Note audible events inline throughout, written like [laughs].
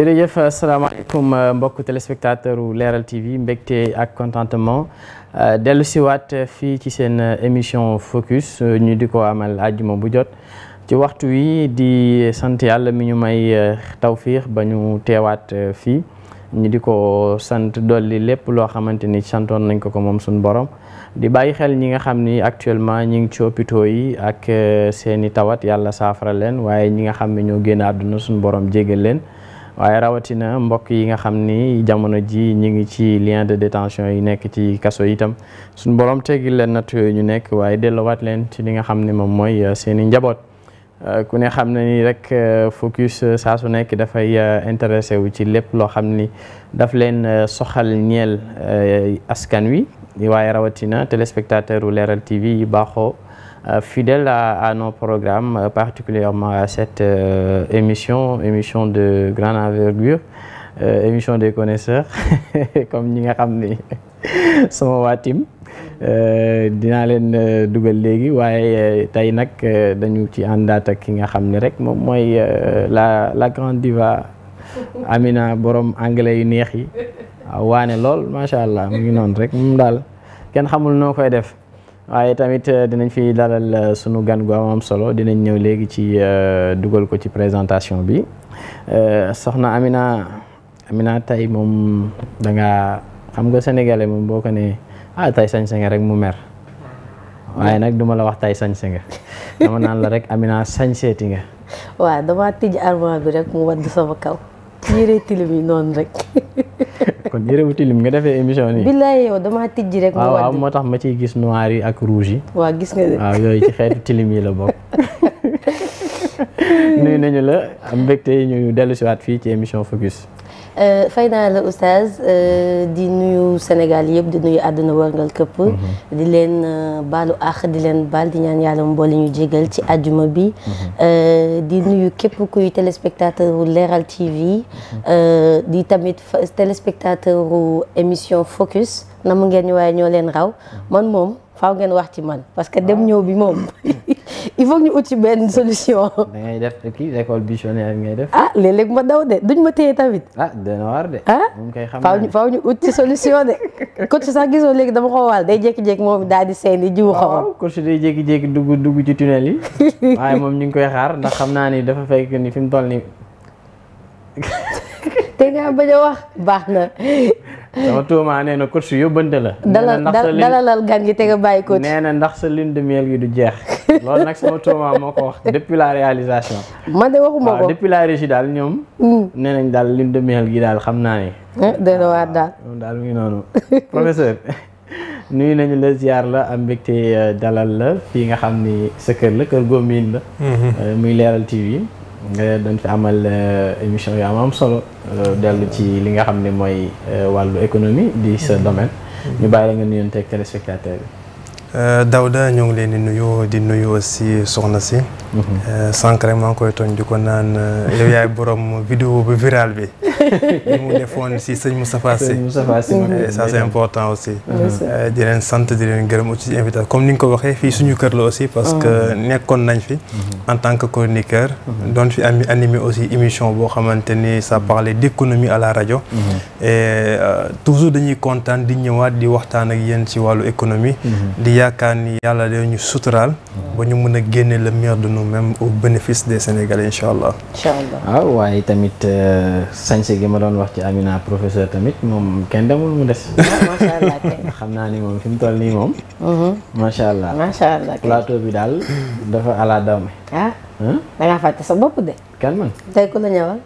jërëjëf asalaamaaleykum euh, mbokk téléspectateur u Leral TV mbégte ak contentement euh, dellu siwaat euh, fii ci seen émission focus ñu di ko amal àjjuma bu jot ci waxtu wi di sant yàlla mi ñu may tawfiix ba ñu teewaat fii ñu di ko sant dolli lépp loo xamante ni santoon nañ ko ko moom suñu borom di bàyyi xel ñi nga xam ni actuellement ñi ngi ci hôpitaux yi ak seeni tawat yàlla saafara leen waaye ñi nga xam ne ñoo génn àdduna suñu borom jégal leen waaye rawatina mbokk yi nga xam ni jamono ji ñu ngi ci lien de détention yi nekk ci kaso itam suñu borom teggil leen natt yooyu ñu nekk waaye delluwaat leen ci li nga xam ne moom mooy uh, seen i njaboot uh, ku ne xam ne ni rek uh, focus saa su nekk dafay intéressé wu ci lépp loo xam ni daf leen soxal ñeel askan wi waaye rawatina téléspectateur u Leral TV yi baaxoo Euh, fidèle à, à, programme programmes, euh, particulièrement à cette euh, émission, émission de grande envergure, émission des connaisseurs, [laughs] comme ñi nga xam ni [laughs] sama waa team dinaa leen dugal léegi waaye tey nag dañu ci àndaat ak ki nga xam ne rek moom mooy la la grande diva Amina borom anglais yu neex yi waane lool macha allah mu ngi noonu rek moom daal kenn xamul noo koy def. waaye tamit euh, dinañ fi dalal euh, sunu gan gu am am solo dinañ ñëw léegi ci euh, dugal ko ci présentation bi soxna Amina Amina tey moom da xam nga sénégalais moom boo ko ne ah tey sañse nga rek mu mer waaye nag duma la wax tey sañse nga dama naan Amina sañseeti nga. waaw dama tijji armoire bi rek mu wadd sama kaw yére tilim yi noonu rek. [laughs] kon wu tilim nga defee émission nii. billaay yow damaa tijji rek. mu wàddi waaw moo tax ma ciy gis noir yi ak rouge yi. waaw gis nga de. waaw yooyu ci xeetu tilim yi la bokk. [laughs] nuyu nañu la am mbégte ñu dellu si waat fii ci émission Focus. Euh, fay naa la oustaz euh, di nuyu Sénégal yëpp di nuyu àdduna wërngal këpp mhm. di leen euh, baalu àq di leen bal di ñaan yàlla mboole ñu jégal ci àjjuma bi mhm. di nuyu képp kuy téléspectateur u Leral TV mhm. di tamit téléspectateur émission Focus na mu ngeen ñu waaye ñoo leen raw man moom faaw ngeen wax ci man parce que dem ah. ñëw bi moom [laughs] il faut que ñu uti benn solution. [laughs] da ngay def kii école buissonnière ngay def. ah léeg ma daw de duñ ma téye tamit. ah dana war de. ah faaw ñu faaw ñu uti solution de. coach sax gisoo léegi dama ko waal day jékki-jékki moom daal di seen i jiwu xaw jékki dugg dugg ci tunnel yi. [laughs] waaye moom ñu ngi koy xaar ndax xam naa ni dafa fekk ni fi mu toll nii. [laughs] te nga bañ a wax baax na. sama tuuma nee na coach yóbbante la. dalal dalal gan gi te nga bàyyi coach. nee na ndax sa lune de miel du jeex. loolu nag sama tooma moo ko wax depuis la réalisation. man de waxuma ko depuis la régie daal ñoom. Hmm. nee nañ daal lune de miel gi daal xam naa ne. Eh, dana daal moom daal mu ngi noonu [laughs] professeur. [laughs] nuyu nañu la ziar la am mbégte euh, dalal la fii nga xam ni sa kër la kër Gombine la. Mm-hmm. Euh, muy leeral TV. nga dañ fi amal euh, émission yu am am solo. dellu ci li nga xam ne mooy wàllu économie di sa domaine. Mm-hmm. ñu bàyyi la nga nuyoon teg téléspectateur bi. Euh, Dawda ñoo ngi leen di nuyu di nuyu aussi soxna si. Mhm. Euh, sànq rek maa ngi koy tooñ di ko naan euh, yow yaay borom vidéo bi viral bi. [laughs] ni mu defoon si sëñ Moustapha Sy. Eh, ça c' est important aussi. di leen sant di leen gërëm aussi invité comme ni nga ko waxee fii suñu kër la aussi. parce que ah. nekkoon nañ fi. Mhm. en tant que chroniqueur. Mhm. doon fi am animé aussi émission boo xamante ni sa parlait d' économie à la rajo. toujours dañuy kontaan di ñëwaat di waxtaan ak yéen ci wàllu économie. yaakaar ni yàlla da ñu suturaal ba ñu mën a génne le meilleur de nous-mêmes au bénéfice des Sénégalais incha allah. incha allah waaw waaye tamit euh, sañse gi ma doon wax ci Amina professeur tamit moom kenn demul mu des. [laughs] Ah, macha allah [laughs] xam naa ni moom fi toll nii moom. Uh-huh. macha allah macha allah plateau bi daal dafa ala dawme. ah da ngaa fàtte sa bopp de. kan man tey ku la ñëwal.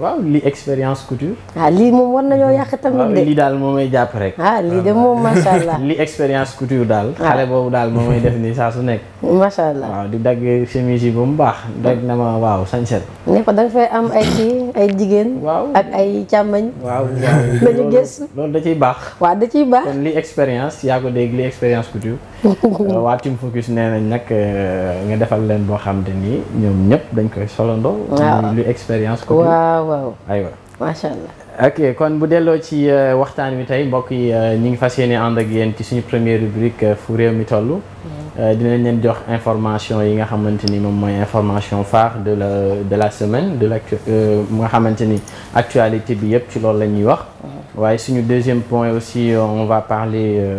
waaw lii expérience couture. ah lii moom war nañoo mm-hmm. yàq tamit de. lii daal moo may jàpp rek. ah lii de moom macha [laughs] allah. lii expérience couture daal. Ah. xale boobu daal moo may def nii saa su nekk. macha allah waaw di dagg chemise yi ba mu baax. dagg na ma waaw sañset. ne ko da nga fay am ay kii ay jigéen. waaw ak ay càmmañ. waaw [laughs] dañu gës. loolu da ciy baax. waaw da ciy baax li expérience yaa ko dégg lii expérience couture. waa Team Focus nee nañ nag euh, nga defal leen boo xam te ñoom ñëpp dañ koy solandoo. lu expérience. ko waaw waaw aywa macha allah. ok kon bu delloo ci euh, waxtaan wi tey mbokk yi euh, ñu ngi fas yéene ànd ak yéen suñu première rubrique fu réew mi toll. Mm. dinañ leen jox information yi nga xamante ni moom mooy information faax de la de la semaine de mu nga xamante ni actualité bi yëpp ci loolu la ñuy wax. Mm. waaye suñu deuxième point aussi on va parler.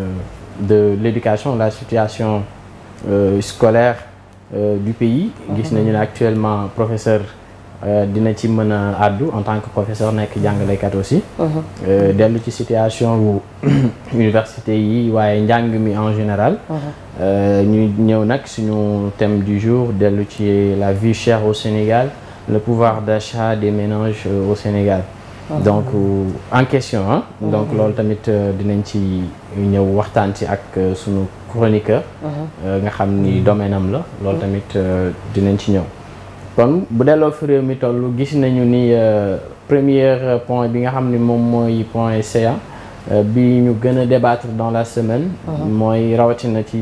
de l'éducation la situation euh, scolaire euh, du pays gis mhm. nañu ne actuellement professeur euh, dina ci mën a àddu en tant que professeur nekk jàngalekat aussi mhm. euh, dellu ci situation wu [clears throat] université yi waaye njàng mi en général mhm. euh, ñu ñëw nag suñu thème du jour dellu ci la vie chère au Sénégal le pouvoir d'achat de ménage au Sénégal donc euh, en question donc loolu tamit euh, dinañ ci ñëw waxtaan ci ak euh, sunu chroniqueur. Uh-huh. nga xam ni mm-hmm. domaine am la. loolu mm-hmm. tamit dinañ ci ñëw. kon bu delloo fi mi toll gis nañu ni premier point bi nga xam ni moom mooy point CA bi ñu gën a débatre dans la semaine. Uh-huh. mooy rawatina ci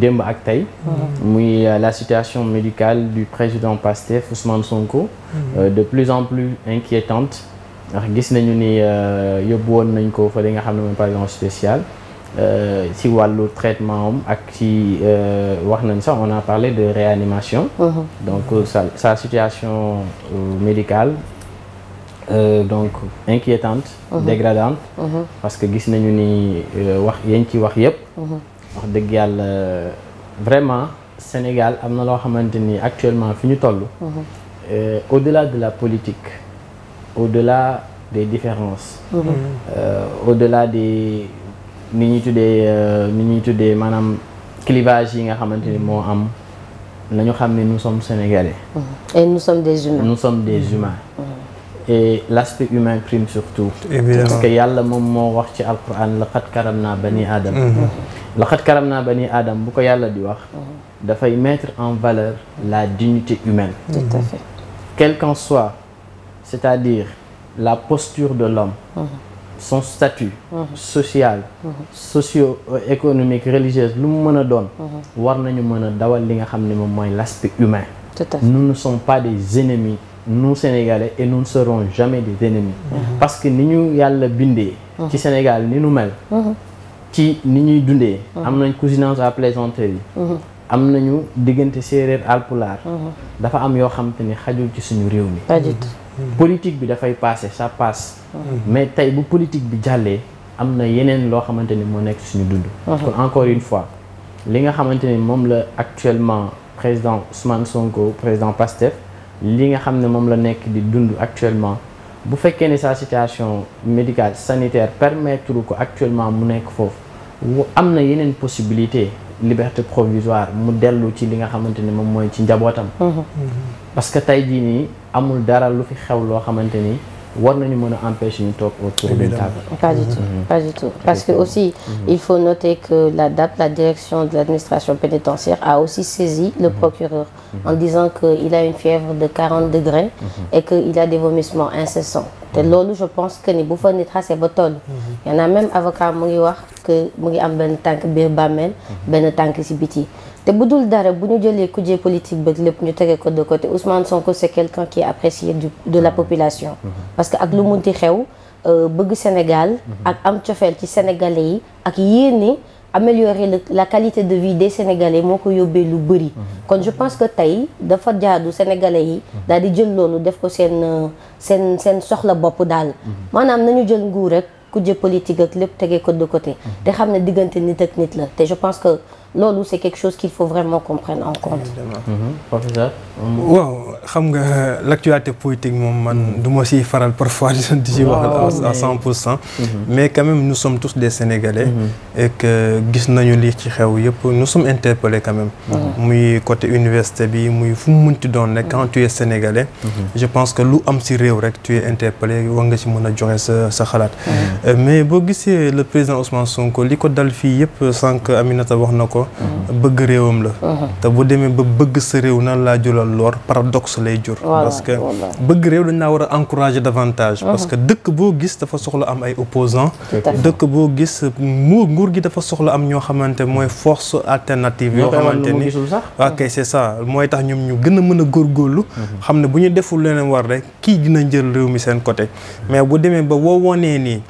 démb ak tey. Uh-huh. muy la situation médicale du président Pastef Ousmane Sonko. Mm-hmm. de plus en plus inquiétante. ndax gis nañu ni euh, yóbbu woon nañ ko fa li nga xam ne mooy pavillon spécial euh, ci wàllu traitement am ak ci euh, wax nañ sax on a parlé de réanimation uh-huh. donc sa sa situation médical donc inquiétante uh dégradante uh-huh. parce que gis nañu ni wax yañ ci wax yëpp wax dëgg yàlla vraiment Sénégal am na loo xamante ni actuellement fi ñu toll au-delà de la politique au la des différences mhm. euh, au-delà de des ni ñuy tuddee euh, ni ñuy tuddee maanaam clivage yi nga xamante ni moo am nañu xam ne nous sommes sénégalais. Mhm. et nous sommes des humains. nous sommes des mhm. humains. et l'aspect humain prime surtout. parce que yàlla moom moo wax ci alquran laqad karam naa bani aadam. laqad karam naa bani aadam bu ko yàlla di wax. dafay mettre en valeur la dignité humaine. quel qu'en soit. c'est-à-dire la posture de l'homme mhm. son statut mhm. social mhm. socio-économique religieuse lu mu mën a doon war nañu mën a dawal li nga xam ne moom mooy l'aspect humain nous ne sommes pas des ennemis nous Sénégalais et nous ne serons jamais des ennemis parce que ni ñu yàlla bindee ci Sénégal ni nu mel ci ni ñuy dundee am nañ cousinage à plaisanterie yi am nañu diggante séeréer alpulaar dafa am yoo xam te ni xajul ci suñu réew mi politique bi dafay passé ça passe. Mm-hmm. mais tey bu politique bi jàllee am na yeneen loo xamante ni moo nekk suñu dund. Mm-hmm. kon encore une fois li nga xamante ni moom la actuellement président Ousmane Sonko président Pastef li nga xam ne moom la nekk di dund actuellement bu fekkee ne sa situation médical sanitaire permettre ko actuellement mu nekk foofu am na yeneen possibilité liberté provisoire mu dellu ci li nga xamante ni moom mooy ci njabootam. Mm-hmm. parce que tey jii nii amul dara lu fi xew loo xamante ni war nañu mën a empêcher ñu toog autour d'une mhm. parce que aussi mhm. il faut noter que la dat la direction de l'administration pénitentiaire a aussi saisi le mhm. procureur en disant que il a une fièvre de degrés et que il a des vomissements incessants te loolu je pense que ni bu fa nit xasee ba toll y en a même avocat mu ngi wax que mu ngi am benn tànk biir bàmmeel benn tànk ci biti te bu dul dara bu ñu jëlee kujje politique bëgg lépp ñu tegee ko de côté Ousmane Sonko c'est quelqu'un qui est de la population. Mm-hmm. parce que ak lu mun munti xew euh, bëgg Sénégal. Mm-hmm. ak am cofeel ci sénégalais yi ak yéene améliorer la qualité de vie des sénégalais moo ko yóbbee lu bëri. Mm-hmm. kon je pense que tey dafa jaadu sénégalais yi. daal di jël loolu def ko seen seen seen soxla bopp daal. maanaam nañu jël nguur rek kujje politique ak lépp tegee ko de côté. te xam ne diggante nit ak nit je pense que. loolu c'est quelque chose qu'il faut vraiment qu'on en compte. Mhm. waaw xam nga l'actualité politique moom man mhm. du ma siy faral parfois [laughs] di si wax à cent pour cent. Mhm. mais quand même nous tous des Sénégalais. et que gis nañu lii ci xew yëpp nous sommes interpellés quand même. muy côté université bi muy fu mu munti doon rek quand tu es Sénégalais. je pense que lu am si réew rek tu es interpellé war nga si mën a joxe sa sa xalaat. Euh, mais boo gisee le président Ousmane Sonko li ko dal fii yëpp wax na ko. ko bëgg réewam la uh-huh. te bu demee ba bëgg sa réew nan laa julal lor paradoxe lay jur parce que bëgg réew dañ naa war a encourager davantage uh-huh. parce que dëkk boo gis dafa soxla am ay opposant dëkk boo gis mu nguur gi dafa soxla am ñoo xamante mooy force alternative yoo xamante ni ok c'est ça mooy tax ñoom ñu gën a mën a góorgóorlu uh-huh. xam ne bu ñu deful leneen war rek kii dina jël réew mi seen côté mais bu demee ba woo nii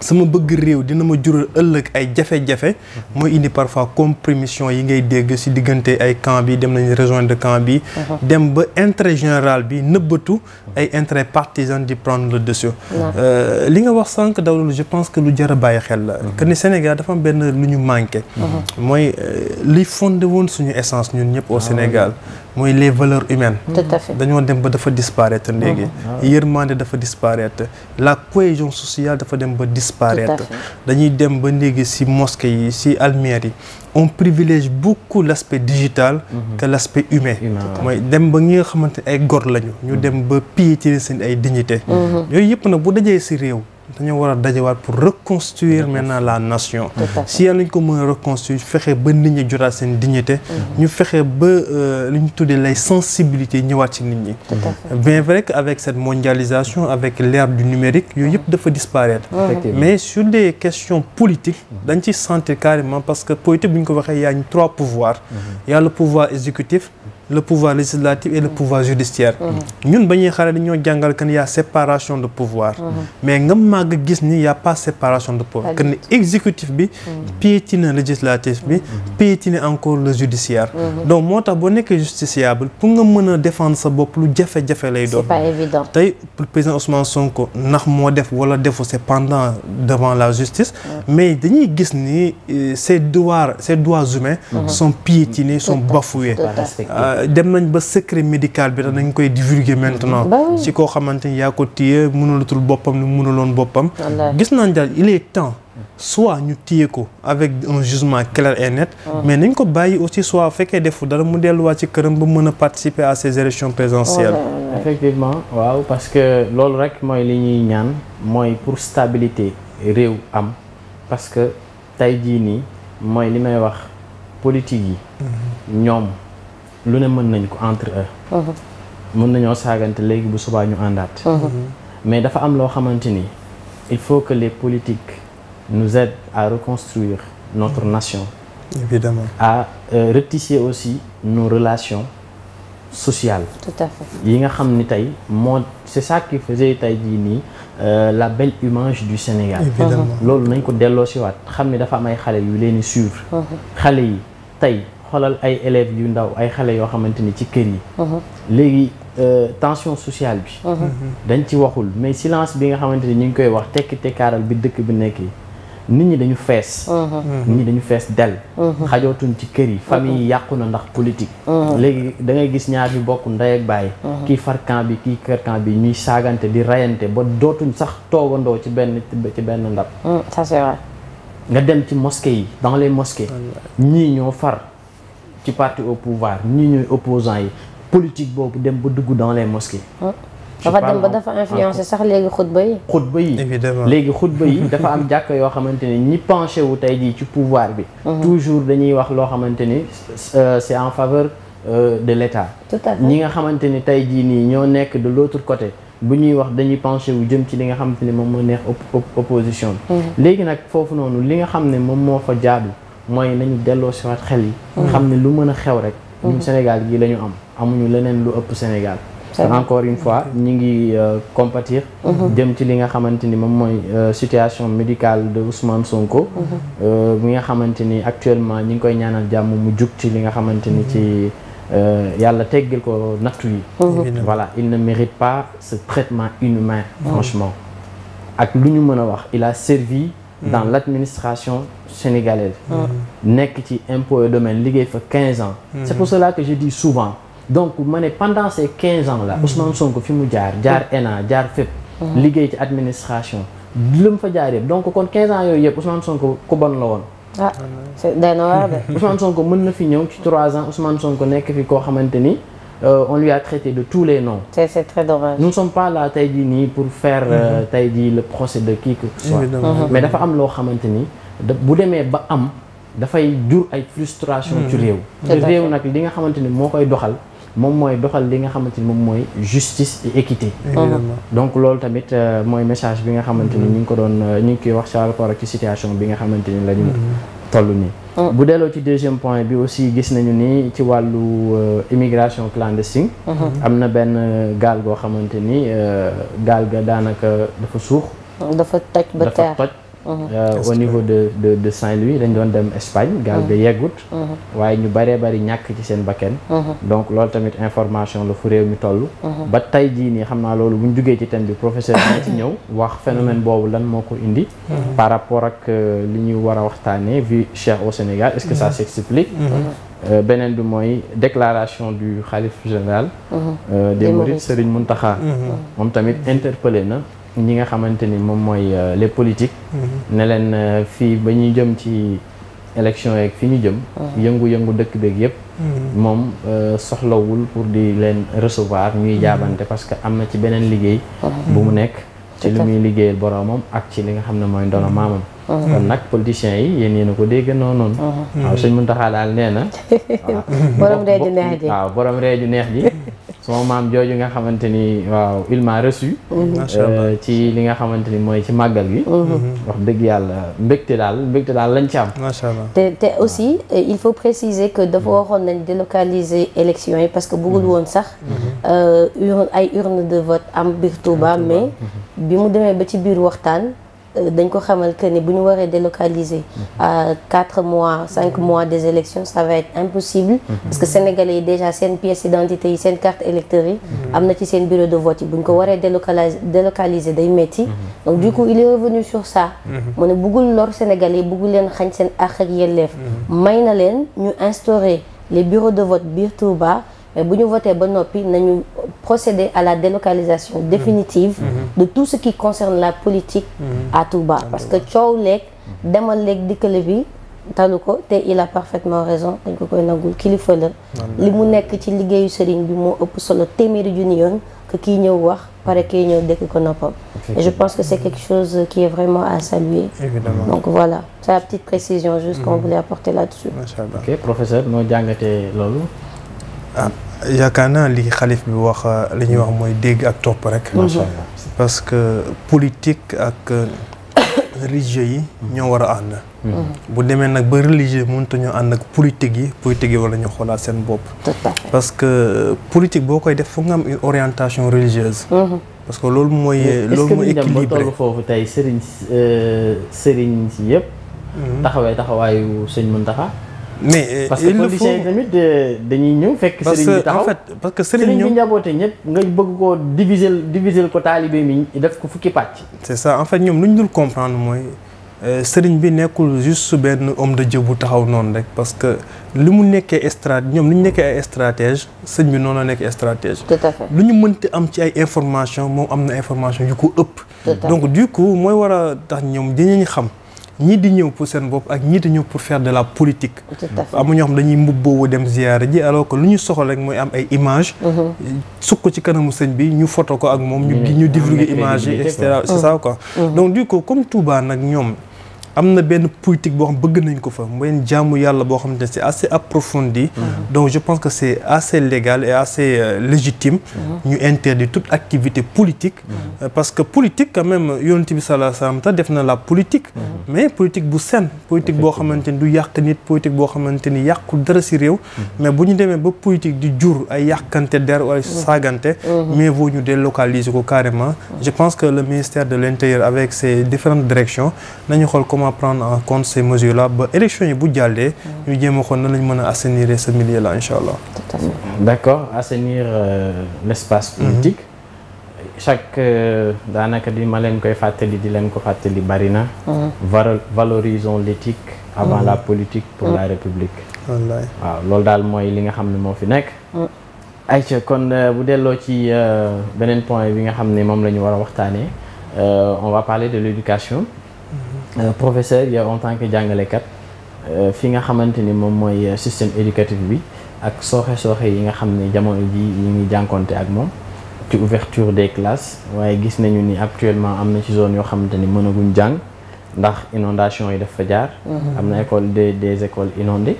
sama bëgg réew dina ma jural ëllëg ay jafe-jafe mooy indi parfois compromission yi ngay dégg si diggante ay camp bi dem nañ rejoindre camp bi uh-huh. dem ba intérêt général bi nëbbatu ay intérêt partisan di prendre le dessus. Euh, li nga wax sànq dawlu je pense que lu jar a bàyyi xel la. Mhm. que ni Sénégal dafa benn lu ñu manqué. Mhm. Mhm. mooy euh, li fonde woon suñu essence ñun ñëpp au ah Sénégal. mooy les valeurs humaine tout à dañoo dem ba dafa disparaître léegi. Ah yërmande dafa disparaître la cohésion sociale dafa dem ba disparaître. dañuy dem ba léegi ci mosquée yi ci alméer yi on privilège beaucoup l' aspect digital. que l' aspect humain. mooy dem ba ñi nga ay réitérer seen ay dignité mhm. yooyu yëpp nag bu dajee si réew dañoo war a dajawaat pour reconstruire maintenant la nation si yàlla ñu ko mën a reconstruire fexe ba nit ñi jotaat seen dignité mhm. ñu fexe ba euh, lu ñu tuddee lay sensibilité ñëwaat ci nit ñi bien vrai que avec cette mondialisation avec l'ère du numérique yooyu yëpp dafa disparaître mhm. mais sur des questions politiques dañ ci sentir carrément parce que politique bu ñu ko waxee yaa ñu trois pouvoirs y a le pouvoir législatif et le pouvoir judiciaire. ñun ba ñuy xale dañoo jàngal que ni y' a séparation de pouvoir. mais nga màgg gis ni y' a pas séparation de pouvoir. que ni exécutif bi. Mm-hmm. piétine législatif bi. Mm-hmm. piétine encore le judiciaire. Mm-hmm. donc moo tax boo nekkee justiciable pour nga mën a défendre sa bopp lu jafe-jafe lay doon. c'est pas évident tey président Ousmane Sonko ndax moo def wala defu c'est pendant devant la justice. Mm. mais dañuy gis ni euh, ces droits ces droits humains. sont piétinés sont bafoués. dem nañ ba secret médical bi danañ koy divulguer maintenant. ci koo xamante ni yaa ko téye mënulatul boppam ni mënuloon boppam. gis nañ daal il est temps. soit ñu téye ko avec un jugement clair et net. Ah. mais nañ ko bàyyi aussi soit fekkee defu dara mu delluwaat ci këram ba mën a participer à ces élections présidentielles. effectivement waaw parce que loolu rek mooy li ñuy ñaan mooy pour stabilité réew am parce que tey jii nii mooy li may wax politique yi. Mm-hmm. lu ne mën nañ ko entre eux uh-huh. mën nañoo saagante léegi bu subaa ñu àndaat uh-huh. mais dafa am loo xamante ni il faut que les politiques nous aident à reconstruire notre nation évidemment à euh, aussi nos relations sociales tout yi nga xam ni tey moo c'est ça qui faisait tey jii nii euh, la belle image du Sénégal loolu nañ ko delloo siwaat xam ni dafa am ay xale yu leen di suivre uh-huh. xale yi tey xoolal ay élèves yu ndaw ay xale yoo xamante ni ci kër yi uh-huh. léegi euh, tension sociale bi uh-huh. dañ ci waxul mais bi nga xamante ni ñu ngi koy wax tekki tekkaaral bi dëkk bi nekk yi nit ñi dañu fees uh-huh. mm-hmm. nit ñi dañu fees del xajootuñ ci kër yi famille yi yàqu na ndax politique léegi da ngay gis ñaar ñu bokk ndey ak bàyyi kii far bi kii kër bi ñuy saagante di reyante ba dootuñ sax toogandoo ci benn benn ndab mm, nga dem ci mosquée yi dans les mosquées ñii ñoo far ci parti au pouvoir ñi ñooy opposants yi politique boobu dem ba dugg dans les mosquées. Ah. dafa dem ba dafa influencé sax léegi xutba yi. xutba yi léegi xutba yi [laughs] dafa am jàkk yoo xamante ne ñi penché wu tey jii ci pouvoir bi. Mhm. toujours dañuy wax loo xamante ni euh, c'est en faveur euh, de l'État. ñi nga xamante ni tey jii nii ñoo nekk de l'autre côté bu ñuy wax dañuy penché wu jëm ci li nga xamante ni moom moo neex opposition bi. Mhm. léegi nag foofu noonu li nga xam ne moom moo fa jaadu. mooy nañu delloo si waat xel yi. Mm. xam ne lu mën a xew rek. Mm. ñun Sénégal gii lañu am amuñu leneen lu ëpp Sénégal. encore une fois ñi ngi euh, compatir mm-hmm. jëm ci li nga xamante ni moom mooy euh, situation médicale de Ousmane Sonko bi mm-hmm. euh, nga xamante ni actuellement ñi ngi koy ñaanal jàmm mu jug ci li nga xamante ni ci mm-hmm. yàlla teggil ko nattu yi voilà il ne mérite pas ce traitement inhumain franchement ak lu ñu mën a wax il a servi dans hmm. l' administration sénégalaise. Hmm. nekk ci impôt et domaine liggéey fa 15 ans. Hmm. c' est pour cela que je souvent donc ma ne pendant ces 15 ans là. Ousmane fi mu jaar jaar ENA jaar fépp. liggéey ci administration. lu mu fa jaar yëpp donc kon 15 ans yooyu yëpp Ousmane Sonko ku bon la woon. ah c'est day na war [laughs] na fi ñëw ci 3 ans son Sonko nekk fi koo xamante ni. Euh, on lui a traité de tous les noms. c'est c'est très tey jii nii pour faire euh, mm-hmm. tey jii le procès de qui que soit. Mm-hmm. mais dafa am loo xamante ni bu demee ba am dafay jur ay frustration mm-hmm. ci réew. réew nag li nga xamante ni moo koy doxal. moom mooy doxal li nga xamante ni moom mooy justice et équité donc loolu tamit euh, mooy message bi nga xamante ni ñu ngi ko doon ñu ngi koy wax ci rapport ak situation bi nga xamante ni la ñu toll nii Mm. bu delloo ci deuxième point bi aussi gis nañu ni ci wàllu euh, immigration clandestine. Mm-hmm. am na benn gaal goo xamante ni euh, gaal ga daanaka dafa suux. dafa toj ba teer Uh-huh. Euh, au niveau de de de Saint-Louis dañ doon dem Espagne gaal ga uh-huh. yeggut uh-huh. waaye ñu bëree bëri ñàkk ci seen bakken donc loolu tamit information la fu réew mi toll ba tey jii nii xam naa loolu bu ñu jugee ci thème bi professeur dina ci ñëw wax phénomène boobu lan moo ko indi par rapport ak euh, li ñuy war a waxtaanee vu cher au Sénégal est-ce que ça s'explique euh, beneen bi mooy déclaration du khalife général des mourides Serigne Mountakha moom tamit interpellé na ñi nga xamante ni moom mooy euh, les politiques. Mm-hmm. ne leen euh, fii ba ñu jëm ci élection yeeg fi ñu jëm. Ah. yëngu-yëngu dëkk beeg yëpp. Mm-hmm. moom euh, soxlawul pour di leen recevoir ñuy mm-hmm. jaabante parce que am na ci beneen liggéey. Ah. bu mu nekk ci li muy liggéeyal boroomam ak ci li nga xam ne mooy ndono maamam. Ah. kon nag politiciens yi yéen yéen ko dégg noonu noonu. waaw sëñ Mountakha daal nee na. [laughs] ree ju neex ji. [laughs] sama maam jooju nga xamante ni waaw il m'a mhm. euh, ci li nga xamante ni mooy ci màggal gi mhm. Mhm. wax dëgg yàlla mbégte daal mbégte daal lañ ci am te te aussi euh, il faut préciser que dafa waxoon nañ délocaliser élection yi parce que bëggul woon sax euh, urne ay urne de vote am biir Touba mais bi mu demee ba ci biir waxtaan dañ ko xamal que ni bu ñu waree délocaliser mhm. à quatre mois cinq mhm. mois des élections ça va être impossible mhm. parce que sénégalais yi déjà seen pièce d'identité yi seen carte électeur yi am na ci seen bureau de vote yi bu ñu ko waree délocaliser délocaliser day métti donc du coup il est revenu sur ça mu ne bëggul lor sénégalais yi bëggul leen xañ seen àq ak yelleef may na leen ñu instaurer les bureaux de vote biir Touba bu ñu voté ba noppi nañu procéder à la délocalisation définitive mm-hmm. Mm-hmm. de tout ce qui concerne la politique mm-hmm. à Touba parce que coow leeg demal leeg dikkale bi talu ko te il a parfaitement raison dañ ko koy nangul kilifa la li mu nekk ci liggéeyu sëriñ bi moo ëpp solo téeméeri junni yoon que kii ñëw wax pare kii ñëw dëkk ko noppam et je pense que c'est quelque chose qui est vraiment à saluer Évidemment. donc voilà c'est la petite précision juste qu'on voulait apporter là-dessus professeur noo yaakaar naa li xalif bi wax euh, li ñuy wax mooy dégg ak topp rek. Mhm. parce que politique ak euh, religieux yi. ñoo war a ànd. Mhm. bu demee nag ba religieux mënut ñu ànd ak politique yi politique yi wala ñu xoolaat seen bopp. parce que euh, politique boo koy def foog nga am une orientation religieuse. Mhm. parce que loolu mooy. loolu mooy équilibré est-ce foofu tey sëriñ sëriñ si yëpp. taxawee taxawaayu sëñ Mountakha. mais euh, parce que conditions yi tamit euh, dañuy ñëw fekk sëriñ bi parce que sëriñ bi ñëpp nga bëgg koo diviser diviser ko taalibe def ko fukki pàcc. c'est en fait ñoom lu ñu dul comprendre mooy euh, sëriñ bi nekkul juste benn homme de Dieu bu taxaw noonu rek parce que li mu nekkee strat ñoom lu ñu nekkee ay stratège sëriñ bi noonu nekk nekkee stratège. lu ñu mënti am ci ay information moom am na information yu ko ëpp. donc du coup mooy war a tax ñoom dinañ xam. ñii di ñëw pour seen bopp ak ñii di ñëw pour faire de la politique amu ñoo xam dañuy mbubboowu dem ziyaara ji alors que lu ñu soxla rek mooy am ay image mhm. sukk ci kanamu sëñ bi ñu photo ko ak moom ñu ñu divulguer image yi et cetera c'est mhm. mhm. donc du comme Touba nag ñoom am na benn politique boo xam bëgg nañ ko fa mooy jaamu yàlla boo xam ne c'est assez approfondi mm-hmm. donc je pense que c'est assez légal et assez euh, légitime mm-hmm. ñu interdire toute activité politique mm-hmm. euh, parce que politique quand même yonent bi la alayhi wa def na la politique mais politique bu saine politique boo xamante ni du yàq nit politique boo xamante ni yàqu dara ci réew mais bu ñu demee ba politique di jur ay yàqante der wala saagante mais vaut ñu délocaliser ko carrément je pense que le ministère de l'intérieur avec ses différentes directions nañu vraiment prendre en compte ces ba élection yi bu jàllee. ñu jéem a xool nan mën a assainir ce milieu là incha allah. tout à fait d' accord assainir euh, mhm. chaque euh, daanaka di ma leen koy fàttali di leen ko fàttali bari na. Mhm. valorisons l'éthique avant mhm. la politique pour la république. wallaay waaw loolu daal mooy li nga xam ne moo fi nekk. ayca kon euh, bu delloo ci euh, beneen point bi nga xam ne moom la ñu war a waxtaanee on va parler de l'éducation. Euh, professeur yow en tant que jàngalekat euh, fi nga xamante ni moom mooy euh, système éducatif bi ak sooxe-sooxe yi nga xam ne jamono ji yi ngi jànkonte ak moom ci ouverture des classes waaye gis nañu ni actuellement am na ci zone yoo xamante ni mënaguñ jàng ndax inondation yi def fa jaar mhm. am na école des des écoles inondées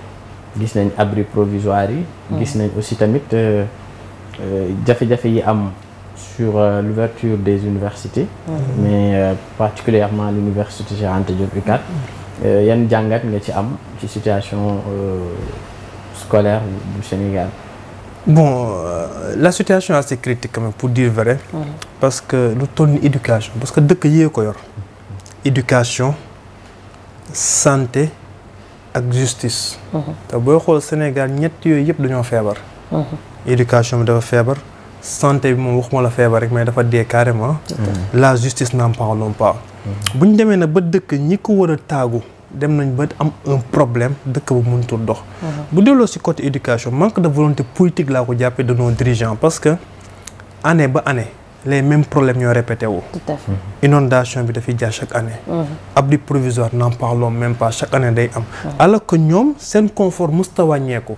gis nañ abri provisoire yi mhm. gis nañ aussi tamit jafe-jafe yi am sur euh, l'ouverture des universités mhm. mais euh, particulièrement l'université Cheikh Anta Diop UCAD euh, yan jàngat nga ci am ci situation euh, scolaire du Sénégal bon la situation est assez critique pour dire vrai parce que lu toll ni éducation parce que dëkk yee ko yor éducation santé ak justice mhm. te booy xool Sénégal ñett yooyu yëpp dañoo feebar mhm. éducation bi dafa feebar santé bi moom waxuma la feebar rek mais dafa dee carrément. Mm-hmm. la justice n'en parlons pas. Mm-hmm. bu demee na ba dëkk ñi ko war a taagu dem nañ ba am un problème dëkk ba mënutul dox. Mm-hmm. bu delloo si côté éducation manque de volonté politique laa ko jàppee de nos dirigeants parce que année ba année. les mêmes problèmes ñoo répété wu. tout à inondation bi dafay jaar chaque année. abri provisoire n'en parlons même pas chaque année day am. alors que ñoom seen confort musta wàññeeku.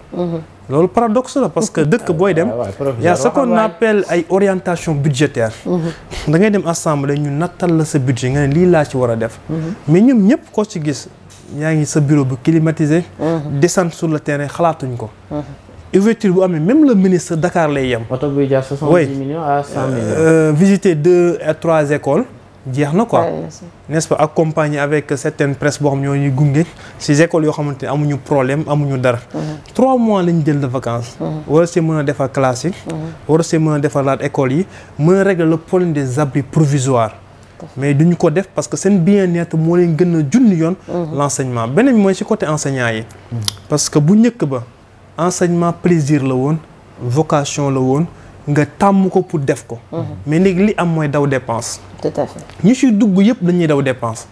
loolu paradoxe la parce que dëkk booy dem [laughs] yaa ce qu'on appelle ay orientation budgétaire mhm. da ngay dem assemblée ñu nattal la sa budget nga ne lii laa ci war a def mhm. mais ñoom ñëpp koo ci gis yaa ngi sa bureau bu climatisé mhm. descendre sur le terrain xalaatuñ ko ouverture bu amee même la ministre Dakar lay yem oto buy jaar soixante-dix millions à cent millions euh, visiter deux à trois écoles jeex na ko n'est-ce pas accompagné avec certaines presse boo xam ñoo ñuy gunge si écoles yoo xamante ne amuñu problème amuñu dara mhm. trois mois lañ jël de vacances mhm. war see mën a defar classe yi mhm. war see mën a defar laat écoles yi mën a régler le problème des abris provisoires mais duñu ko def parce que seen bien-être moo leen gën a junni yoon l'enseignement beneen bi mooy si côté enseignant yi parce que bu njëkk ba enseignement plaisir la woon vocation la woon nga tàmm ko pour def ko. Mhm. mais léegi li am mooy daw dépense. tout à ñu ci dugg yëpp dañuy daw dépense.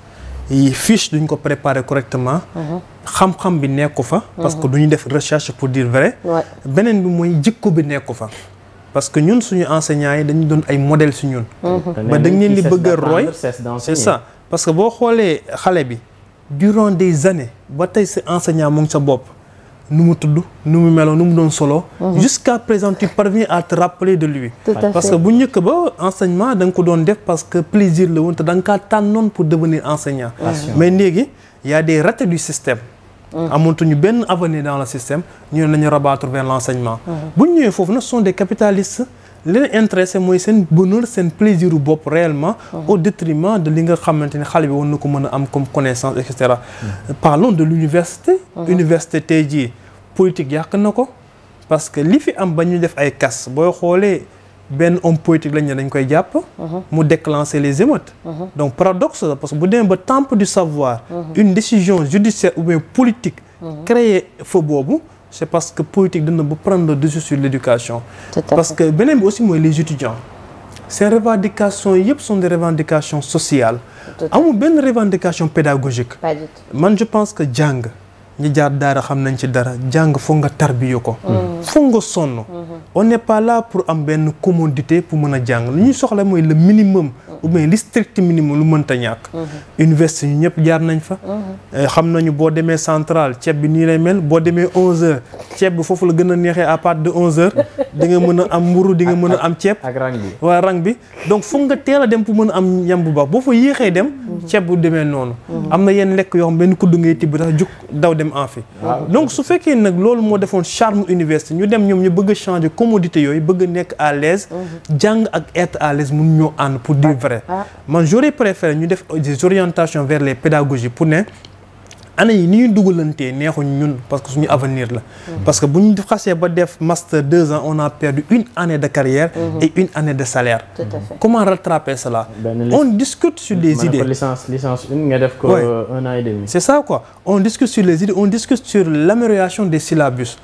yi fiche duñ ko préparer correctement. Mhm. xam-xam bi nekku fa. parce que mhm. duñu def recherche pour dire vrai. beneen bi mooy jikko bi nekku fa. parce que ñun suñu enseignants yi dañu doon ay modèle si ñun. ba dañ leen di bëgg a roy c'est ça parce que boo xoolee xale bi durant des années ba tey sa enseignant mu sa bopp. nu mu tudd nu mu meloon nu mu doon solo. Mhm. jusqu'à présent tu parviens à rappeler de lui. parce que bu njëkk ba enseignement da nga ko doon def parce que plaisir la woon te da kaa tànnoon pour devenir enseignant. mais léegi y a des du système. Mhm. amatuñu benn avenir dans le système ñu ne nañu rabattre vers l'enseignement. Mhm. bu ñu ñëwee foofu nag sont des capitalistes. li leen intéressé mooy seen bonheur seen plaisir u bopp réellement mhm. au détriment de li nga xamante ni xale bi war na ko mën a am comme connaissance et cetera mhm. parlons de l'université mhm. université tey jii politique yàq na ko parce que li fi am ba ñu def ay casse booy xoolee benn homme politique lañ ne dañ koy jàpp mu déclancer les émeutes donc paradoxe la parce que bu demee ba temple du savoir une décision judiciaire ou bien politique créer fa boobu c'est parce que politique dina bu prendre le dessus sur l'éducation parce que beneen bi aussi mooy les étudiants ces revendications yëpp sont révendication revendications sociales amul benn revendication pédagogique man je pense que jàng ñi jaar daara xam nañ ci dara jàng foo nga tarbiyo ko mm. foog nga sonn mm-hmm. on n'est pas là pour am benn commodité pour mën a jàng lu ñuy soxla mooy le minimum ou bien li strict lu mënta ñàkk. Mhm. université ñu ñëpp jaar nañ fa. Mhm. Eh, xam nañu boo demee centrale ceeb bi nii lay mel boo demee 11h ceeb bi foofu la gën a neexee à partir de 11h di mën a am mburu di mën a am ceeb. ak rang bi donc foog nga teel a dem pour mën a am ñam bu baax boo fa yéexee dem. Mhm. ceeb bu demee noonu. am na yenn lekk yoo xam benn kudd ngay tibb tax jug daw dem en fi. donc su fekkee nag loolu moo defoon charme université a a nekk à l'aise préféré ah. man j'aurais préféré ñu def des orientations vers les pédagogies pour ne année yi ni ñuy dugalantee neexuñ ñun parce que suñu avenir la mm-hmm. parce que bu ñu xasee ba def master ans on a perdu une année de carrière mm-hmm. et une année de salaire tout à fait mm-hmm. comment rattraper cela on discute sur des idées licence euh, c'est ça quoi on discute sur les des syllabus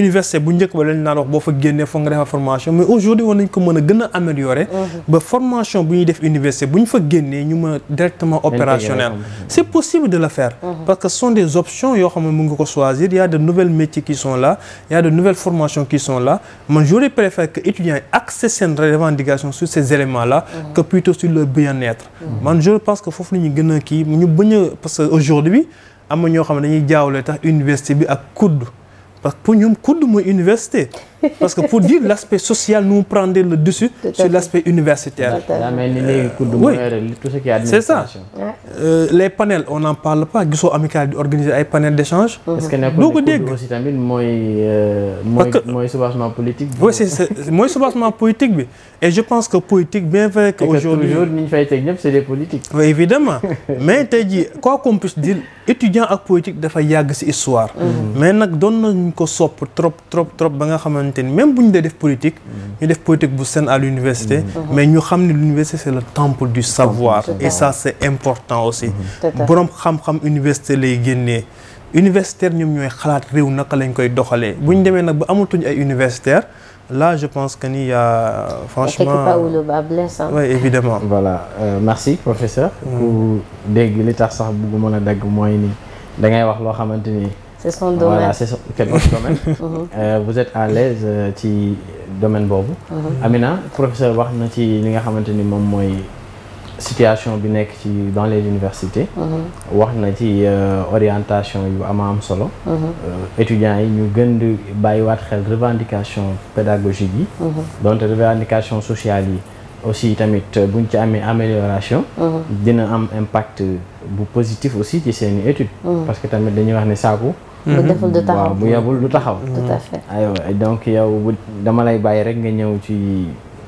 université bu njëkk ba leen naan wax boo fa génnee foog nga defar formation mais aujourd'hui war nañ ko mën a gën a améliorer mhm. ba formation bu ñu def université bu ñu fa génnee ñu mën a directement opérationnel c'est possible de le faire mhm. parce que ce sont des options yoo xam ne mu nga ko choisir il y a de nouvelles métiers qui sont là il y a de nouvelles formations qui sont là man j'aurais préféré que étudiants yi axé seen revendication sur ces éléments mhm. foofu la ñu gën kii ñu bañ a parce que aujourd'hui am na ñoo xam ne dañuy jaawale tax université bi ak kudd parce que pour ñoom kudd mooy université parce que pour dire l'aspect social nous prendrait le dessus sur l'aspect universitaire. oui c'est euh, on n'en parle pas gisoo amicale di organiser ay panel d'échange. Mm-hmm. doo ko dégg que tamit mooy. Euh, parce que mooy soubassement politique. oui bi et je pense que politique bien vrai que. aujourd'hui toujours ñu fay teg ñëpp c'est des politiques. évidemment [laughs] mais tey jii quoi qu'on puisse dire étudiant ak politique dafa yàgg si histoire. Mm-hmm. mais nag doon nañu ko sopp trop trop trop ba nga xamante xamante ni même bu ñu dee def politique. Mm-hmm. ñu def politique bu seen à l'université mm-hmm. Mm-hmm. mais ñu xam ne l'université c'est le temple du savoir. et ça c'est important aussi. boroom xam-xam université lay génnee. universitaire ñoom ñooy xalaat réew naka lañ koy doxalee bu ñu demee nag ba amatuñ ay universitaire là je pense que ni y a franchement quelque part où le bas blesse hein. oui évidemment. voilà euh, professeur. Mm. dégg li tax sax bëgguma la dagg mooy ni da ngay wax loo xamante ni. c'est son domaine voilà c'est son domaine. euh, vous êtes à l'aise euh, ci domaine boobu. Mhm. Amina professeur wax na ci li nga xamante ni moom mooy situation bi nekk ci dans les universités. Mhm. wax na ci euh, orientation yu ama am solo. Mhm. Euh, étudiants yi ñu gën di bàyyiwaat xel revendication pédagogique yi. donc revendication sociale yi. aussi tamit buñ ci amee amélioration dina am impact bu positif aussi ci seeni étude parce que tamit dañuy wax ne saaku bu mhm. deful du taxaw bu yabul lu taxaw. tout à fait donc yow bu dama lay bàyyi rek nga ñëw ci.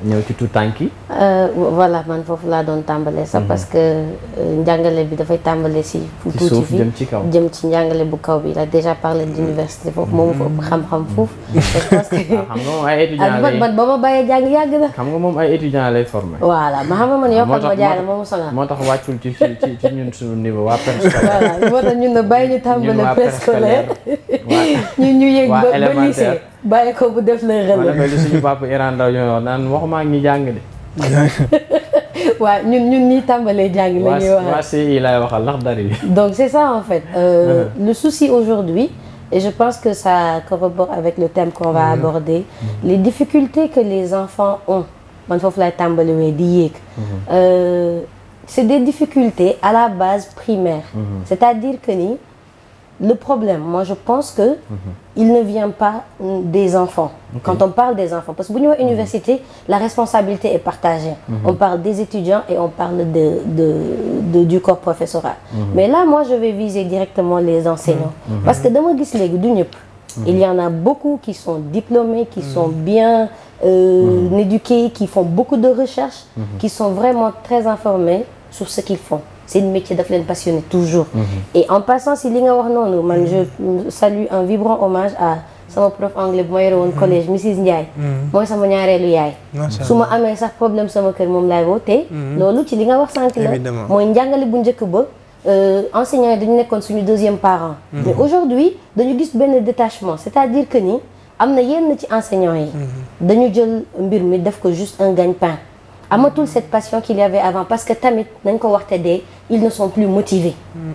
ñëw ci tout tànk yi euh, voilà man foofu laa doon tàmbalee sa mhm. parce que euh, njàngale bi dafay tàmbalee si tuuti fi jëm ci kaw jëm ci njàngale bu kaw bi la déjà parlé mhm. d'université foofu moom fa xam-xam mhm. foofu parce [laughs] que ah, xam nga moom ay étudiant man ba ma bàyyee jàng yàgg xam nga moom ay étudiant lay formé voilà ma xam ah, moo tax wàccul ci ci ci ñun suñu niveau waa préscolaire voilà moo tax ñun na bàyyi ba lycée bàyyi ko bu def la relais. ma ne suñu papa Iran Ndao ñoo wax naan waxuma ak ñi jàng de. [laughs] waaw ñun ñun ñi tàmbalee jàng la ñuy wax. waa CI laay waxal ndax dari. donc c'est ça en fait. Euh, [laughs] le souci aujourd'hui et je pense que ça corrobore avec le thème qu'on va mm-hmm. aborder. Mm-hmm. les difficultés que les enfants ont. man foofu lay tàmbaliwee di yéeg. Mm-hmm. Euh, c'est des difficultés à la base primaire. c'est-à-dire que ni. le problème moi je pense que mm -hmm. il ne vient pas des enfants okay. quand on parle des enfants parce que bu ñu wax mhm. université mm -hmm. la responsabilité est partagée mm -hmm. on parle des étudiants et on parle de de, de du corps professoral mhm. mais là moi je vais viser directement les enseignants mhm. parce que dama gis léegi du ñëpp il y en a beaucoup qui sont diplômés qui sont bien euh, éduqués qui font beaucoup de recherches qui sont vraiment très informés sur ce qu'ils font seen métier daf leen passionné toujours. Mhm. et en passant si li nga wax noonu man mhm. je salue un vibrant hommage à sama prof anglais bu ma yore woon mhm. collège Mrs Ndiaye. mooy sama ñaareelu yaay. su ma amee sax problème sama kër moom laay wootee. loolu ci li nga wax sànq la. mooy njàngale bu njëkk ba. Euh, enseignants yi dañu nekkoon suñu deuxième parent. mais aujourd'hui dañu gis benn détachement c'est-à-dire que ni am na yenn ci enseignants yi. dañu jël mbir mi def ko juste un amatul cette passion qu'il y avait avant parce que tamit nañ ko waxte dee ils ne sont plus motivés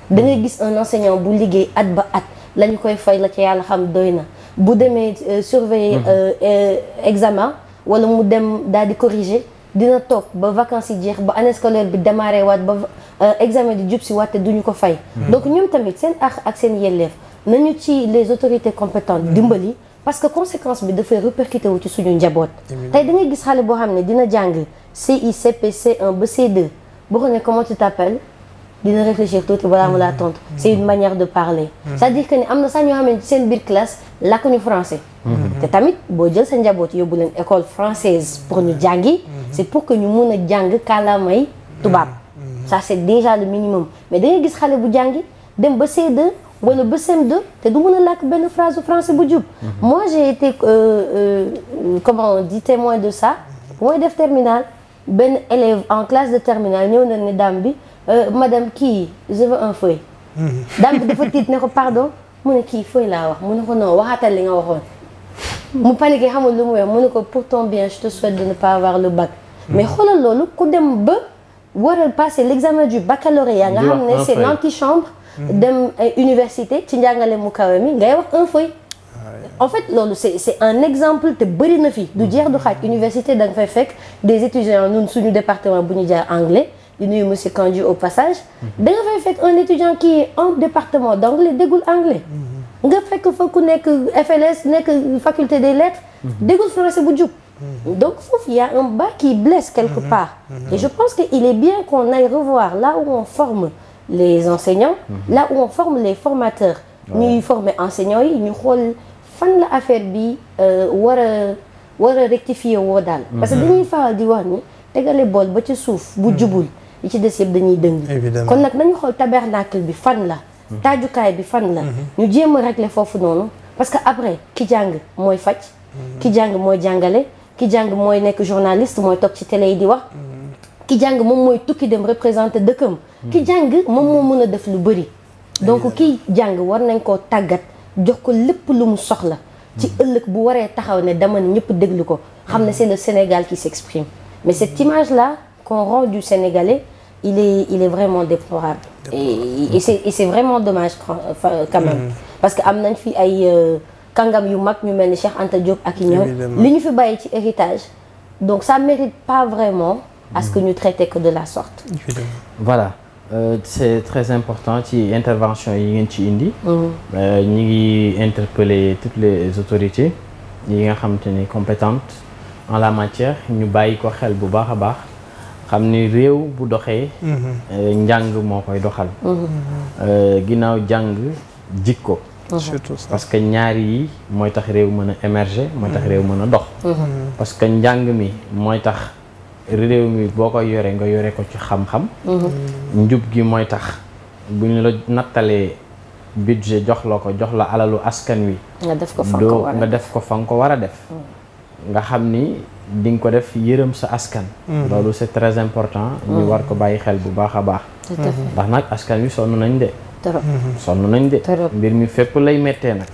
da ngay gis un enseignant bu liggéey at ba at la ñu koy fay la ci yàlla xam doy na bu demee euh, surveiller mhm. euh, euh, examen wala mu dem daal di corriger dina toog ba vacances yi jeex ba année scolaire bi démarré waat ba examen di jub si waat te duñu ko fay mhm. donc ñoom tamit seen àq ak seen yelleef nañu ci les autorités compétentes mhm. dimbali parce que conséquence bi dafay répercuté wu ci suñu njaboot. tey da gis xale boo xam ne dina jàng CI CP un 1 ba C2 ko ne comment tu t'appelles dina réfléchir tuuti balaa mu laa tontu. Mm-hmm. c'est une manière de parler. Mm-hmm. c'est-à-dire que ni am na sax ñoo xam ne seen biir classe làkkuñu français. Mm-hmm. te tamit boo jël sa njaboot yóbbu leen école française pour ñu jàngi. c'est pour que ñu mun a jàng kàllaamay tubaab. ça c'est déjà le minimum mais da gis xale bu jàngi dem ba c wala ba cm te du mën a làkk benn phrase français bu jub. Mhm. moo j'ai été euh, euh, comment on dit témoin de ça mooy def terminale benn élève en classe de terminale ñëw na ne dame bi euh, madame kii je veux un feuille. Mhm. [laughs] dame bi dafa tiit ne ko pardon mu ne kii feuille laa wax mu ne ko non waxaatal li nga waxoon. mu paniqué xamul lu mu wax mu ne ko pour ton bien je te souhaite de ne pas avoir le bac. Mhm. mais xoolal loolu ku dem ba a passer l'examen du baccalauréat nga xam ne c'est l'antichambre Mm-hmm. dem ay eh, université ci njàngale mu kawe mi ngay wax un feuille ah, en fait loolu c'est c'est un exemple te bëri na fi du jeex du mm-hmm. xaaj université da nga fay fekk des étudiants ñun suñu département bu ñu jaar anglais di nuyu monsieur Kandji au passage mm-hmm. da nga fay fekk un étudiant qui est en département d'anglais déggul anglais nga fekk fa ku nekk FLS nekk faculté des lettres déggul français bu jub donc foofu y a un bas qui blesse quelque part et je pense que il est bien qu'on aille revoir là où forme les enseignants. Mhm. là où on forme les formateurs. ñuy former enseignants yi ñu xool fan la affaire bi euh, war a war a rectifier woo daal. Mhm. parce que dañuy faral di wax ni tegale bool ba ca suuf bu mhm. jubul. li ci des yëpp dañuy dëng. kon nag nañu xool tabernacle bi fan la. taajukaay bi fan la. ñu jéem a régler foofu noonu parce que après ki jàng mooy faj. ki jàng mooy jàngale ki jàng mooy nekk journaliste mooy toog ci télé yi di wax. ki jàng moom mooy tukki dem représenté dëkkam. ki hmm. jàng moom moo mën a def lu bëri. donc ki jàng war nañ koo tàggat jox ko lépp lu mu soxla. ci hmm. ëllëg bu waree taxaw ne dama ne ñëpp déglu ko xam ne hmm. c'est le Sénégal qui s'exprime mais cette image là qu'on rend du Sénégalais il est il est vraiment déplorable. et et c'est, et c'est vraiment dommage quand même. parce que am nañ fi ay euh, kàngam yu mag ñu mel ni Cheikh Anta Diop ak i ñoom. li ñu fi bàyyi ci héritage donc ça mérite pas vraiment. à ce que ñu traité que de la sorte. voilà euh, c'est très important ci intervention yi ngeen ci indi. Mhm. Euh, ñi ngi interpeller toutes les autorités yi nga xamante ni compétente en la matière ñu bàyyi ko xel bu baax a baax. xam ni réew bu doxee. Mhm. Euh, njàng moo koy doxal. Mhm. Euh, ginnaaw jàng jikko. surtout parce que ñaari yi mooy tax réew mën a émerger. mooy tax réew mën a dox. parce que njàng mi mooy tax. réew mi boo ko yore nga yore ko ci xam-xam mm-hmm. njub gi mooy tax bu ñu la nattalee budget jox la ko jox la alalu askan wi doo nga def ko fa nga ko war a def mm. nga xam ni di ko def yërëm sa askan mm-hmm. loolu c'est très important ñu mm. war ko bàyyi xel bu baax a baax ndax nag askan wi sonn nañ de trop mhm. sonn nañ de. mbir mi fépp lay méttee nag.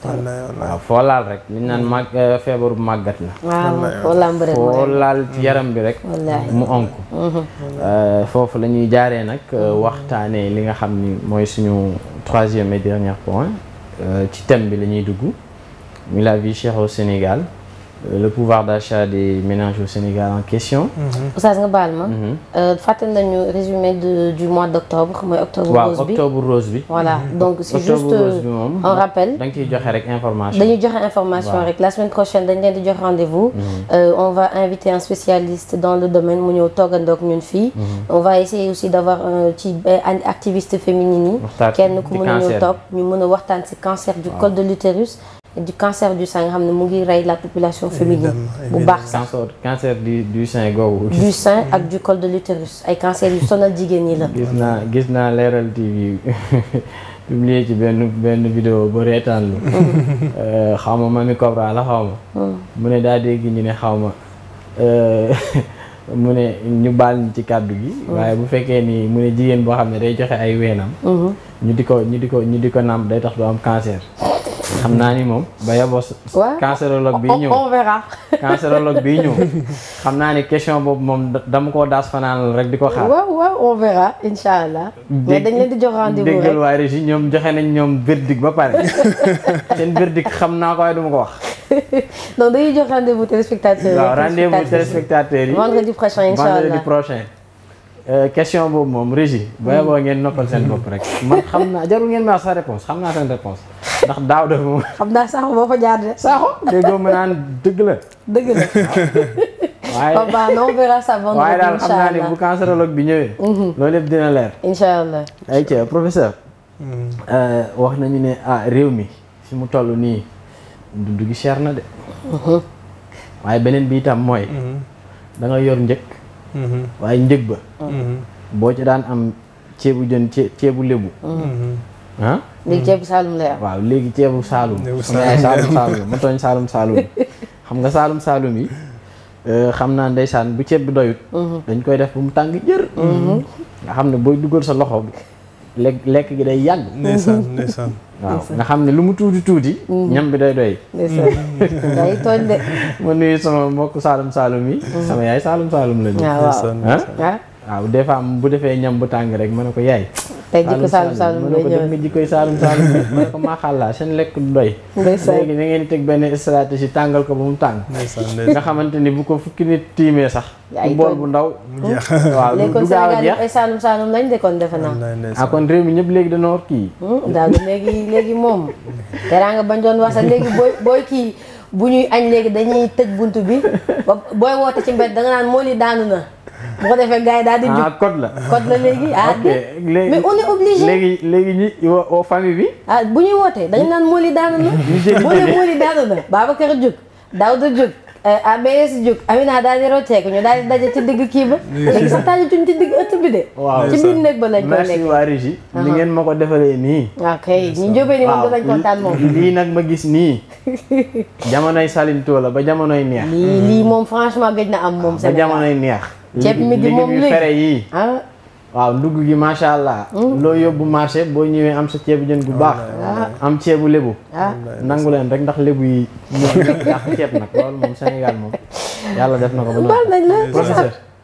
waaw foo laal rek li naan màgg euh, feebaru màggat la. foo laal ci yaram bi rek. mu onk. Mhm. Euh, foofu la ñuy jaaree nag euh, waxtaanee li nga xam ni mooy suñu troisième et dernier point ci thème bi lañuy ñuy dugg muy la vie Sénégal. le pouvoir d'achat des ménages au Sénégal en question. Mhm. Oustaz nga baal ma. Mhm. Euh, fàttali nañu résumé de du mois d'octobre mooy octobre rose bi mhm. donc c'est juste un euh, rappel. da nga ciy joxe rek information. dañuy joxe information rek la semaine prochaine dañ leen di jox rendez-vous. Euh, on va inviter un spécialiste dans le domaine mu ñëw toogandoog ñun on va essayer aussi d'avoir ci activiste féminine yi. a ñëw toog ñu cancer du col de l'utérus. du cancer du sein nga xam ne mu ngi rey la population féminine bu baax sax cancer du du sein googu du sein ak du col de l'utérus ay cancer yu sonal jigéen ñi la gis naa gis naa leeral TV [laughs] publié ci benn benn vidéo ba reetaan lu mm-hmm. euh, xaw ma mami Cobra la xaw ma mm. mu ne daa dégg ñu ne xaw ma euh, [laughs] mu ne ñu bal ñu ci kàddu gi mm. waaye bu fekkee ni mu ne jigéen boo xam ne day joxe ay weenam mm-hmm. ñu di ko ñu di ko ñu di ko nam day tax du am cancer xam naa ni moom ba yaboo. waaw cancérologue bii ñëw on verra. [laughs] bii ñëw xam naa ni question boobu moom dama koo daas fanaanal rek di ko xaar. waaw waaw on verra incha allah. mais di jox rendez-vous waa Régis ñoom joxe nañ ñoom verdict ba pare [laughs] seen verdict xam naa ko waaye du ma ko wax. donc [laughs] dañuy jox rendez-vous téléspectateurs yi. waaw rendez-vous téléspectateurs yi vendredi prochain incha allah vendredi euh, question boobu moom Régis. ba yaboo mm. ngeen noppal seen bopp rek man xam naa jarul ngeen ma sa réponse xam naa ndax daaw de xam naa saako boo fa jaar de. saako déggoo ma naan dëgg la. dëgg la. waaye papa non on verra ça vendredi waaye bi ñëwee. Mhm. loolu yëpp dina leer. incha allah. ayca professeur. Mhm. Euh, wax nañu ne ah réew mi fi mu toll nii dund gi cher na de. Mhm. waaye beneen bi itam mooy. da nga yor njëg. waaye njëg ba. boo ci daan am ceebu jën ceebu lébu. ah. léegi ceebu Saalum lay am. waaw léegi ceebu Saalum. Saalum Saalum ma tooñ Saalum Saalum xam nga Saalum Saalum yi. Euh, xam naa saan bu ceeb bi doyut. Mhm. dañ koy def bu mu tàng jër. Mhm. nga xam ne booy dugal sa loxo bi. lekk lekk day yàgg. ndeysaan mhm. ndeysaan nga xam ne lu mu tuuti tuuti. ñam bi day doy. day tooñ de. ma nuyu sama mbokk Saalum Saalum yi. sama yaay Saalum Saalum la ñu. Ah, waaw ah. waaw des bu defee ñam bu tàng rek ma ne ko yaay. tey jikko saalum saalum lay ñëw def nga jikkoy saalum saalum ma ne [laughs] ko maa xàllaa seen lekk du doy léegi ba [laughs] ko fukki nit bu bool bu ndaw [laughs] waaw a jeex ay saalum saalum lañ de kon defe naa ah kon réew mi ñëpp léegi dana war kii hmm, daal léegi léegi moom teraanga bañ doon wax sax léegi booy kii bu ñuy añ léegi dañuy tëj bunt bi booy woote ci mbedd da nga moo li daanu na bu ko defee gars yi daal di jub ah code la code la léegi ah. ok léegi mais on est obligé léegi léegi ñi woo bi. ah bu ñuy wootee dañu naan Mawli daanu na. Mawli Mawli daanu na Babacar Diouf Daouda Diouf. Eh, ABS jóg Amina daal di rocceeku ñu daal di daje ci digg kii ba. léegi sax taajatuñ ci digg ëtt bi de. waaw ci biir néeg ba lañ ko nekk ngeen ma ko defalee nii. waaw kay ñu jógee ma gis nii. [laughs] jamonoy Salim Tola ba jamonoy neex. lii lii moom franchement gëj na am moom. Sénégal ba jamonoy neex. ceeb mi di moom léegi ah. waaw ndugg gi macha allah. Mm. loo yóbbu marché boo ñëwee am sa ceebu jën bu baax. am ceebu lébu. Ah. nangu leen rek ndax lébu yi. ndax ceeb nag loolu moom Sénégal moom yàlla def na ko. baal nañ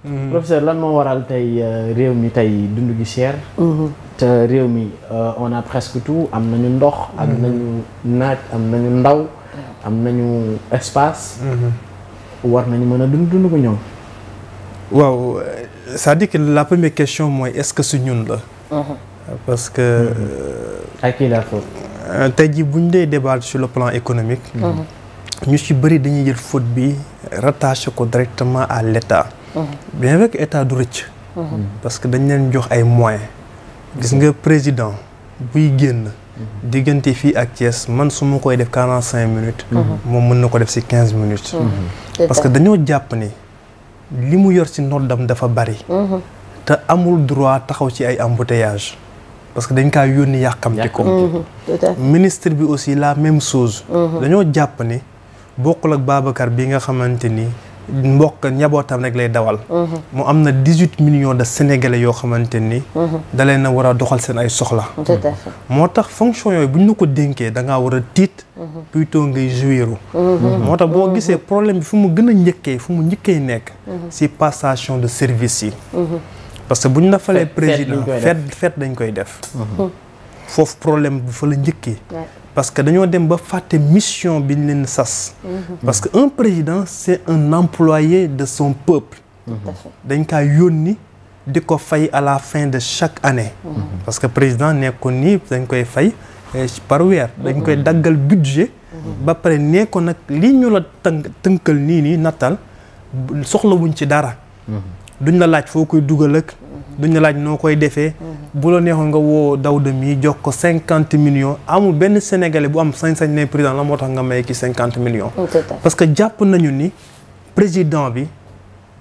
mm-hmm. professeur lan moo waral tey euh, réew mi tey dund gi cher. Mm-hmm. te réew mi euh, on a presque tout am na ñu ndox. ak na mm-hmm. nañu naaj am na ñu ndaw. am nañu espace. war nañu mën a dund dund ku ñoom. waaw c'est-à-dire la première question mooy est-ce que su ñun la. Uh-huh. parce que. à mm-hmm. qui euh, jii bu ñu dee débattre sur le plan économique. Uh-huh. ñu si bëri dañuy jël faute bi rattaché ko directement à l'État. Uh-huh. bien vrai que état du rëcc. Mm-hmm. parce que dañ leen jox ay moyen gis nga président buy génn. Mm-hmm. diggante fii ak Thiès man su ma koy def quarante cinq minutes. moom mën na ko def si quinze minutes. parce que dañoo jàpp ni. li mu yor ci noddam dafa bari mm-hmm. te amul droit taxaw ci ay embouteillage parce que dañ kaa yónni yàkkamti ko mm-hmm. ministre bi aussi la même chose mm-hmm. dañoo jàpp ni bokkul ak Babacar bi nga xamante ni mbokk njabootam rek lay dawal. Mhm. mu am na dix huit millions de sénégalais yoo xamante ni. Mhm. dalee na war a doxal seen ay soxla. Mhm. moo tax fonction yooyu bu ñu la ko dénkee da ngaa war a tiit. to ngay jouiru. moo tax boo gisee problème bi fu mu gën a njëkkee fu mu njëkkee nekk. si passation de service yi. parce que bu ñu la président fête dañ koy def. foofu problème bi fa la njëkkee. parce que dañoo dem ba fàtte mission bi leen sas. Mhm. parce que un président c'est un employé de son peuple. dañ kaa yónni di ko fay à la fin de chaque année. Mhm. parce que président nekkoon nii dañ koy fay eh, par weer. dañ koy mhm. daggal budget. ba pare nekkoon nag li ñu la tënk tënkal nii nii nattal soxlawuñ ci dara. duñ la laaj foo koy dugal ak. duñ la laaj noo koy defee. bu la neexoon nga woo Daouda mii jox ko cinquante millions amul benn sénégalais bu am sañ-sañ ne président la moo tax nga may ki cinquante millions. parce que jàpp nañu ni président bi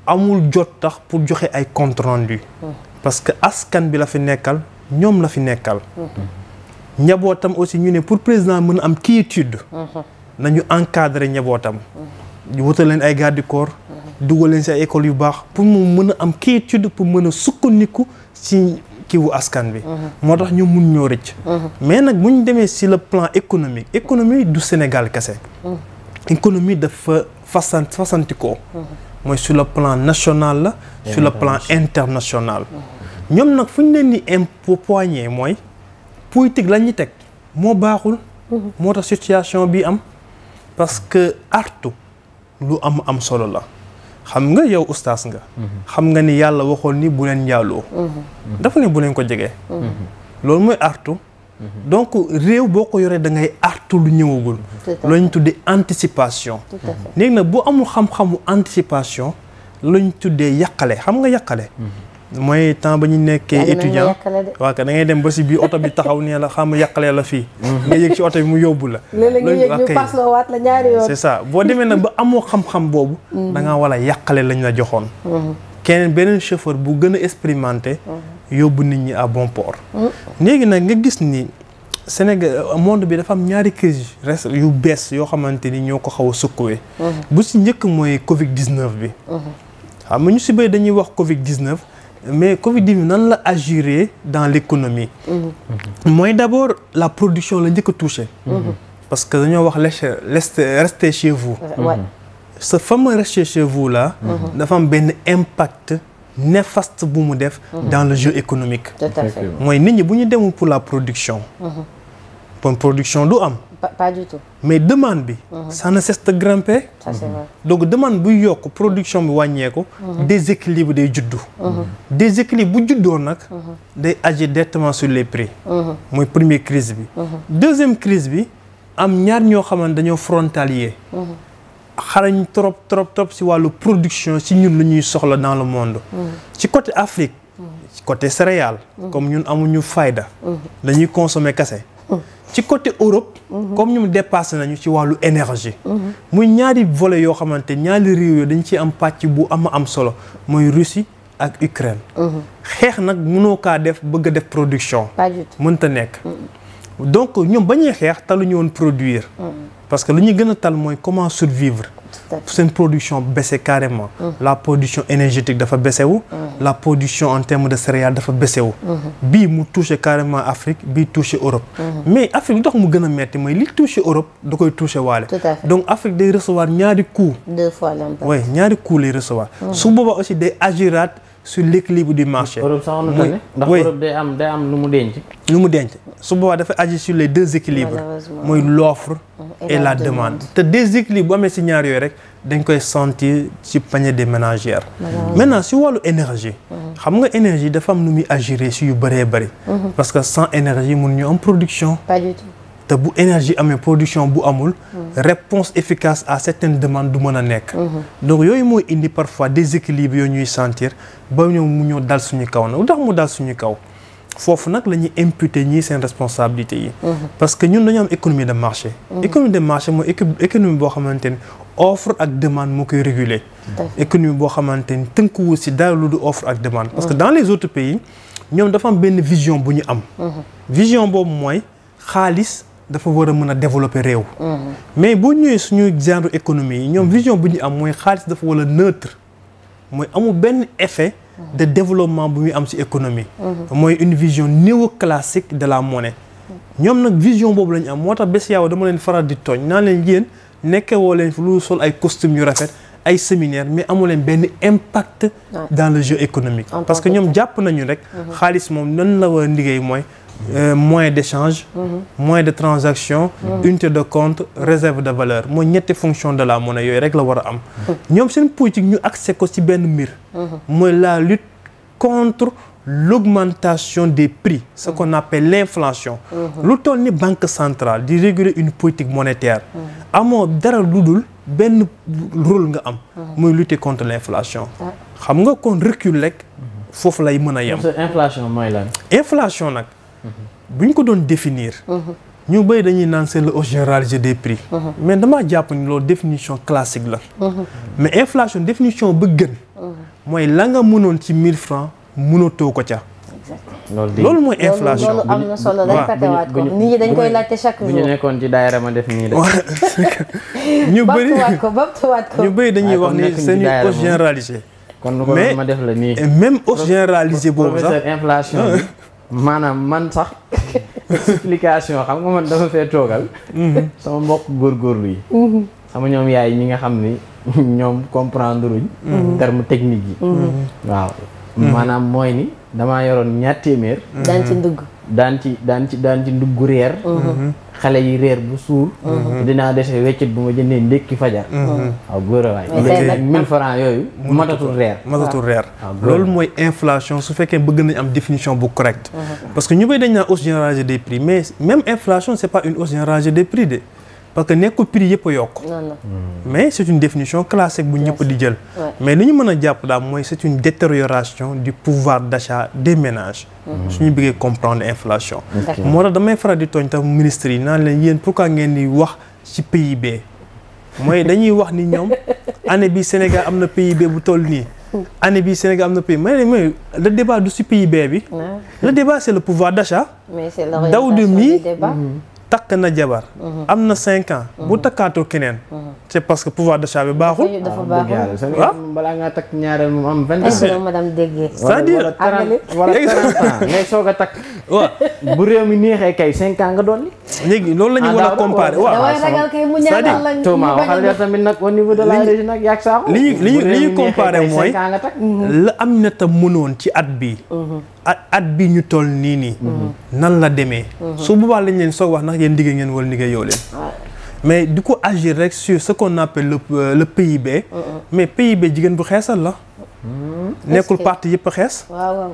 amul jot tax pour joxe ay compte rendu. parce que askan bi la fi nekkal ñoom la fi nekkal. ñabootam aussi ñu ne pour président mën am am quiétude. Mhm. nañu encadrer ñabootam ñu wutal leen ay garde dugal leen si ay écoles yu baax pour mu mën a am quiétude pour mën a sukkandiku si kiwu askan bi. Mhm. moo tax ñu mun ñoo rëcc. Mhm. mais nag bu ñu demee si la plan économique économie du Sénégal kese. Mhm. économie dafa fasan fasantikoo. mooy su le plan national la. sur le plan international. ñoom nag fu ñu leen di empoigner mooy politique la ñuy teg moo baaxul. moo tax situation bi am parce que artu lu am am solo la. xam nga yow ustaas nga. Mm-hmm. xam nga ni yàlla waxoon ni bu leen njaaloo. Mm-hmm. dafa ne bu leen ko jege. Mm-hmm. loolu mooy artu. donc réew boo ko yoree da ngay artu lu ñëwagul. loolu ñu tuddee anticipation. léegi na boo amul xam-xamu anticipation. lañ tuddee yàqale xam nga yàqale. mooy temps ba ñu nekkee étudiant waaw da ngay dem ba si biir oto bi taxaw nee la xam yàqalee la fii mhm. nga yëg ci oto bi mu yóbbu la léeg-léeg nga yëg ñu paas la waat la ñaari yoon boo demee nag ba amoo xam boobu mhm. da ngaa war a yàqale lañ la joxoon mhm. keneen beneen chauffeur bu gën a expérimenté yóbbu nit ñi à bon port léegi nag nga gis ni Sénégal monde bi dafa am ñaari crise yu bees yoo xamante ni ñoo ko xaw a sukkawee bu si njëkk mooy covid 19 bi xam nga ñu si bëri dañuy wax covid 19 mais Covid bi nan la agir dans l'économie mm-hmm. mooy d'abord la production la njëkk a mm-hmm. parce que dañoo wax leste rester chez vous mm-hmm. ce fameux rester chez dafa am benn impact néfaste bu mu def dans le jeu économique mooy nit ñi bu ñu demul pour la production bon production du am pas, mais demande bi. Mmh. ça ne cesse de grimper. Mhm. donc demande buy yokk production bi wàññeeku. Mhm. déséquilibre day juddu. Mhm. déséquilibre bu juddoon nag. day agir directement su les prix. mooy première crise bi. deuxième crise bi am ñaar ñoo xamante dañoo frontalier. xarañ trop trop trop si wàllu production ci ñun lu ñuy soxla dans le monde. ci côté Afrique. côté céréales. comme ñun amuñu fayda. dañuy consommer kase. ci côté Europe. comme ñum dépassé nañu ci wàllu énergie. muy ñaari volet yoo xamante ñaari réew yooyu dañ ci am pàcc bu am am solo mooy Russie ak Ukraine. Mhm. xeex nag mënoo kaa def bëgg def production. mënta nekk. donc ñoom ba ñuy xeex taluñu woon produire. Mm. parce que lu ñu gën a tal mooy comment survivre. seen production baissé carrément. Mm. la production énergétique dafa baissé mm. la production en termes de céréales dafa baissé wu. Mm-hmm. bii mu touché carrément Afrique bii touché Europe. Mm-hmm. mais Afrique lu tax mu gën a metti mooy li touché Europe da koy touché waale. donc Afrique day recevoir ñaari coup. deux fois l'emploi. ñaari coup lay recevoir. su boobaa aussi day agiraat. sur l'équilibre du marché. Europe lu day am day mu denc. su boobaa dafa agi sur les deux équilibres. mooy l'offre et la demande. te déséquilibre bu amee si ñaar yooyu rek dañ koy sentir ci panier de ménagères. maintenant si wàllu énergie. Mm-hmm. xam nga énergie dafa am nu muy agir si yu bëree bëri. Mm-hmm. parce que sans énergie mun ñu am production. te bu énergie amee production bu amul hmm. réponse efficace à certaines demandes du mën a nekk hmm. donc yooyu mooy indi parfois déséquilibre yooyu ñuy sentir ba ñëw mu ñëw dal suñu kaw nag lu tax mu dal suñu kaw foofu nag la ñuy imputer ñii seen responsabilité yi hmm. parce que ñun dañoo am économie de marché économie de marché mooy boo xamante ni offre ak demande moo koy réguler économie boo xamante ni tënkuwul si daal lu du offre ak demande parce que dans les autres pays ñoom dafa benn vision bu ñu am vision boobu mooy xaalis dafa war a mën a développer réew. Mhm. mais boo ñëwee suñu genre économie yi ñoom mhm. vision bu ñu am mooy xaalis dafa war a neutre mooy amul benn effet. Mhm. de développement bu muy am ci économie. mooy une vision néoclassique de la monnaie. ñoom nag vision boobu la am moo tax bés yaaw dama leen faral di tooñ naa leen yéen nekke woo leen fi lu sol ay costume yu rafet ay séminaire mais amu leen benn impact. dans le jeu économique. parce que ñoom jàpp nañu rek. xaalis moom nan la war a mooy. Euh, moyen d'échange mm moyen de transaction mm -hmm. unité de compte réserve de valeur mooy ñetti fonction de la monnaie yooyu rek la war a am mhm. ñoom seen politique ñu accès ko ci benn mbir mhm. mooy la lutte contre l'augmentation des prix ce mhm. qu'on appelle l'inflation lu toll ni banque centrale di réguler une politique monétaire amoo dara lu dul benn rôle nga am mooy lutter contre l'inflation ah. xam nga kon recul rek foofu lay mën a yem inflation mooy lan inflation nag bu ñu ko doon définir. ñu bëy dañuy naan c'est la hausse généralisée des prix. mais damaa jàpp ni loolu définition classique la. mais inflation définition bu gën. mooy la nga mënoon ci 1000 francs mënatoo ko ca. loolu mooy inflation loolu am na solo dañ fàttewaat ko bu ñu nekkoon ci daayira ma def nii de. [laughs] ñu bëri ñu bëri dañuy ah, wax ni seen hausse généralisée. kon lu ko ma def la même hausse généralisée boobu sax [laughs] maanaam man sax explication xam nga man dama fee toogal. Mhm. sama mbokk góor góorgóorlu yi. Mhm. sama ñoom yaay ñi nga xam ni ñoom comprendre luñ. Mhm. terme technique yi. waaw maanaam mooy ni damaa yoroon ñaar téeméer. daan ci dugg. daan ci daan ci daan ci ndugg reer mhm. xale yi reer bu suur mhm. dinaa dese weccit bu ma jëndee ndékki fajar mhm. waay léegi mille francs yooyu matatul reer matatul reer loolu mooy inflation su fekkee bëgg nañ am définition bu correcte parce que ñu bay dañ naa hausse généralisée des prix mais même inflation c'est pas une hausse généralisée des prix de parce que nekkul prix yëpp yokk. mais c' est une définition classique bu ñëpp di jël. mais li ñu mën a jàpp daal mooy c' est une détérioration du pouvoir d' achat des ménages. Mhm. suñu comprendre inflation. moo tax damay faral di tooñ tam ministre yi naan leen yéen pourquoi ngeen di wax ci PIB. mooy dañuy wax ni ñoom année bi Sénégal am na PIB bu toll nii. année bi Sénégal am na PIB mais mooy le débat du si PIB bi. le débat c' est pouvoir d' achat. mais c' takk na jabar. Mhm. am na cinq ans. Mhm. bu takkaatoo keneen. c'est mhm. parce que pouvoir d'achat bi baaxul. dafa baaxul waaw ah. balaa ngaa takk ñaareel mu am vingt ans. madame ans ngay soog a takk. waaw [laughs] bu réew mi neexee kay cinq ans nga doon. léegi loolu la ñu war ah, a comparer waaw. da ngay ragal kay mu ñaanal tamit nag au niveau de la région nag yaa saako. li ñu li ñu li comparer mooy la am na ta mënoon ci at bi at at bi ñu toll nii nii. nan la demee. su boobaa lañ leen soog wax ndax yéen liggéey ngeen wala liggéeyoo leen. mais du ko agir rek sur ce qu'on appelle le euh, le PIB. mais paybe jigéen bu xeesal la. Mm-hmm. nekkul parti yëpp xees. waaw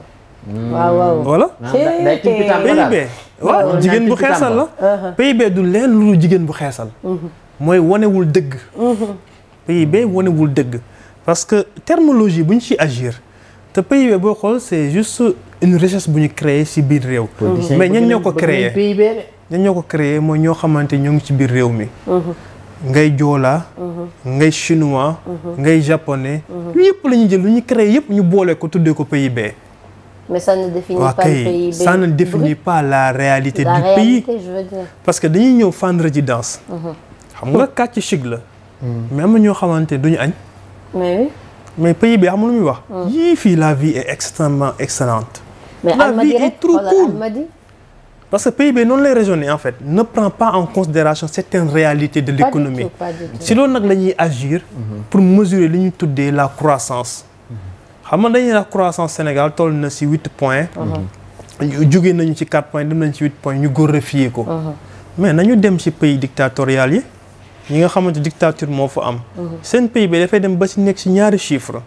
jigéen bu xeesal la. PIB du leen lu jigéen bu xeesal. mooy wanewul dëgg. Mm-hmm. PIB wanewul dëgg. parce que terminologie bu ñu ci agir te PIB boo xool c'est juste. une richesse bu ñu créer ci biir réew. mais ñan ñoo ko créer ñan ko créer mooy ñoo xamante ñoo ngi ci biir réew mi. Mm-hmm. ngay joolaa. Mm-hmm. ngay chinois. Mm-hmm. ngay japonais. ñëpp la ñu jël lu ñu créer yëpp ñu boole ko tuddee ko PIB. mais ça ne définit pas le pays ça la réalité du pays parce que dañuy ñëw fendre résidence xam nga kàcc chic la mm. mais am na ñoo xamante ne duñu añ mais pays bi xam nga muy wax mm. yii fii la vie et extrêmement excellente mais Almadies rek xoolal Almadies parce que pays bi noonu lay raisonner en fait ne prend pas en considération certaines réalités de l'économie si loolu nag la ñuy agir pour mesurer li ñu tuddee la croissance xam na dañuy la croissance Sénégal toll na si huit points jóge nañu ci quatre points dem nañu ci huit points ñu góor glorifier ko uh-huh. mais na ñu dem ci pays dictatorial yi ñi nga xamante dictature moo fa am uh-huh. seen pays bi dafay dem ba si nekk si ñaari chiffres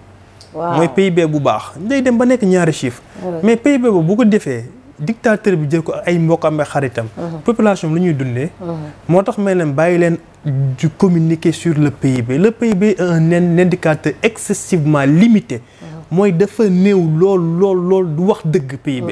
mooy PIB bu baax day dem ba nekk ñaari chiffre mais PIB boobu bu ko defee dictateur bi jël ko ay mbokkam ak xaritam uh-huh. population lu ñuy dundee uh-huh. moo tax may leen bàyyi leen du communiquer sur le PIB le PIB est un indicateur excessivement limité uh-huh. mooy dafa néew lool lool lool du wax dëgg PIB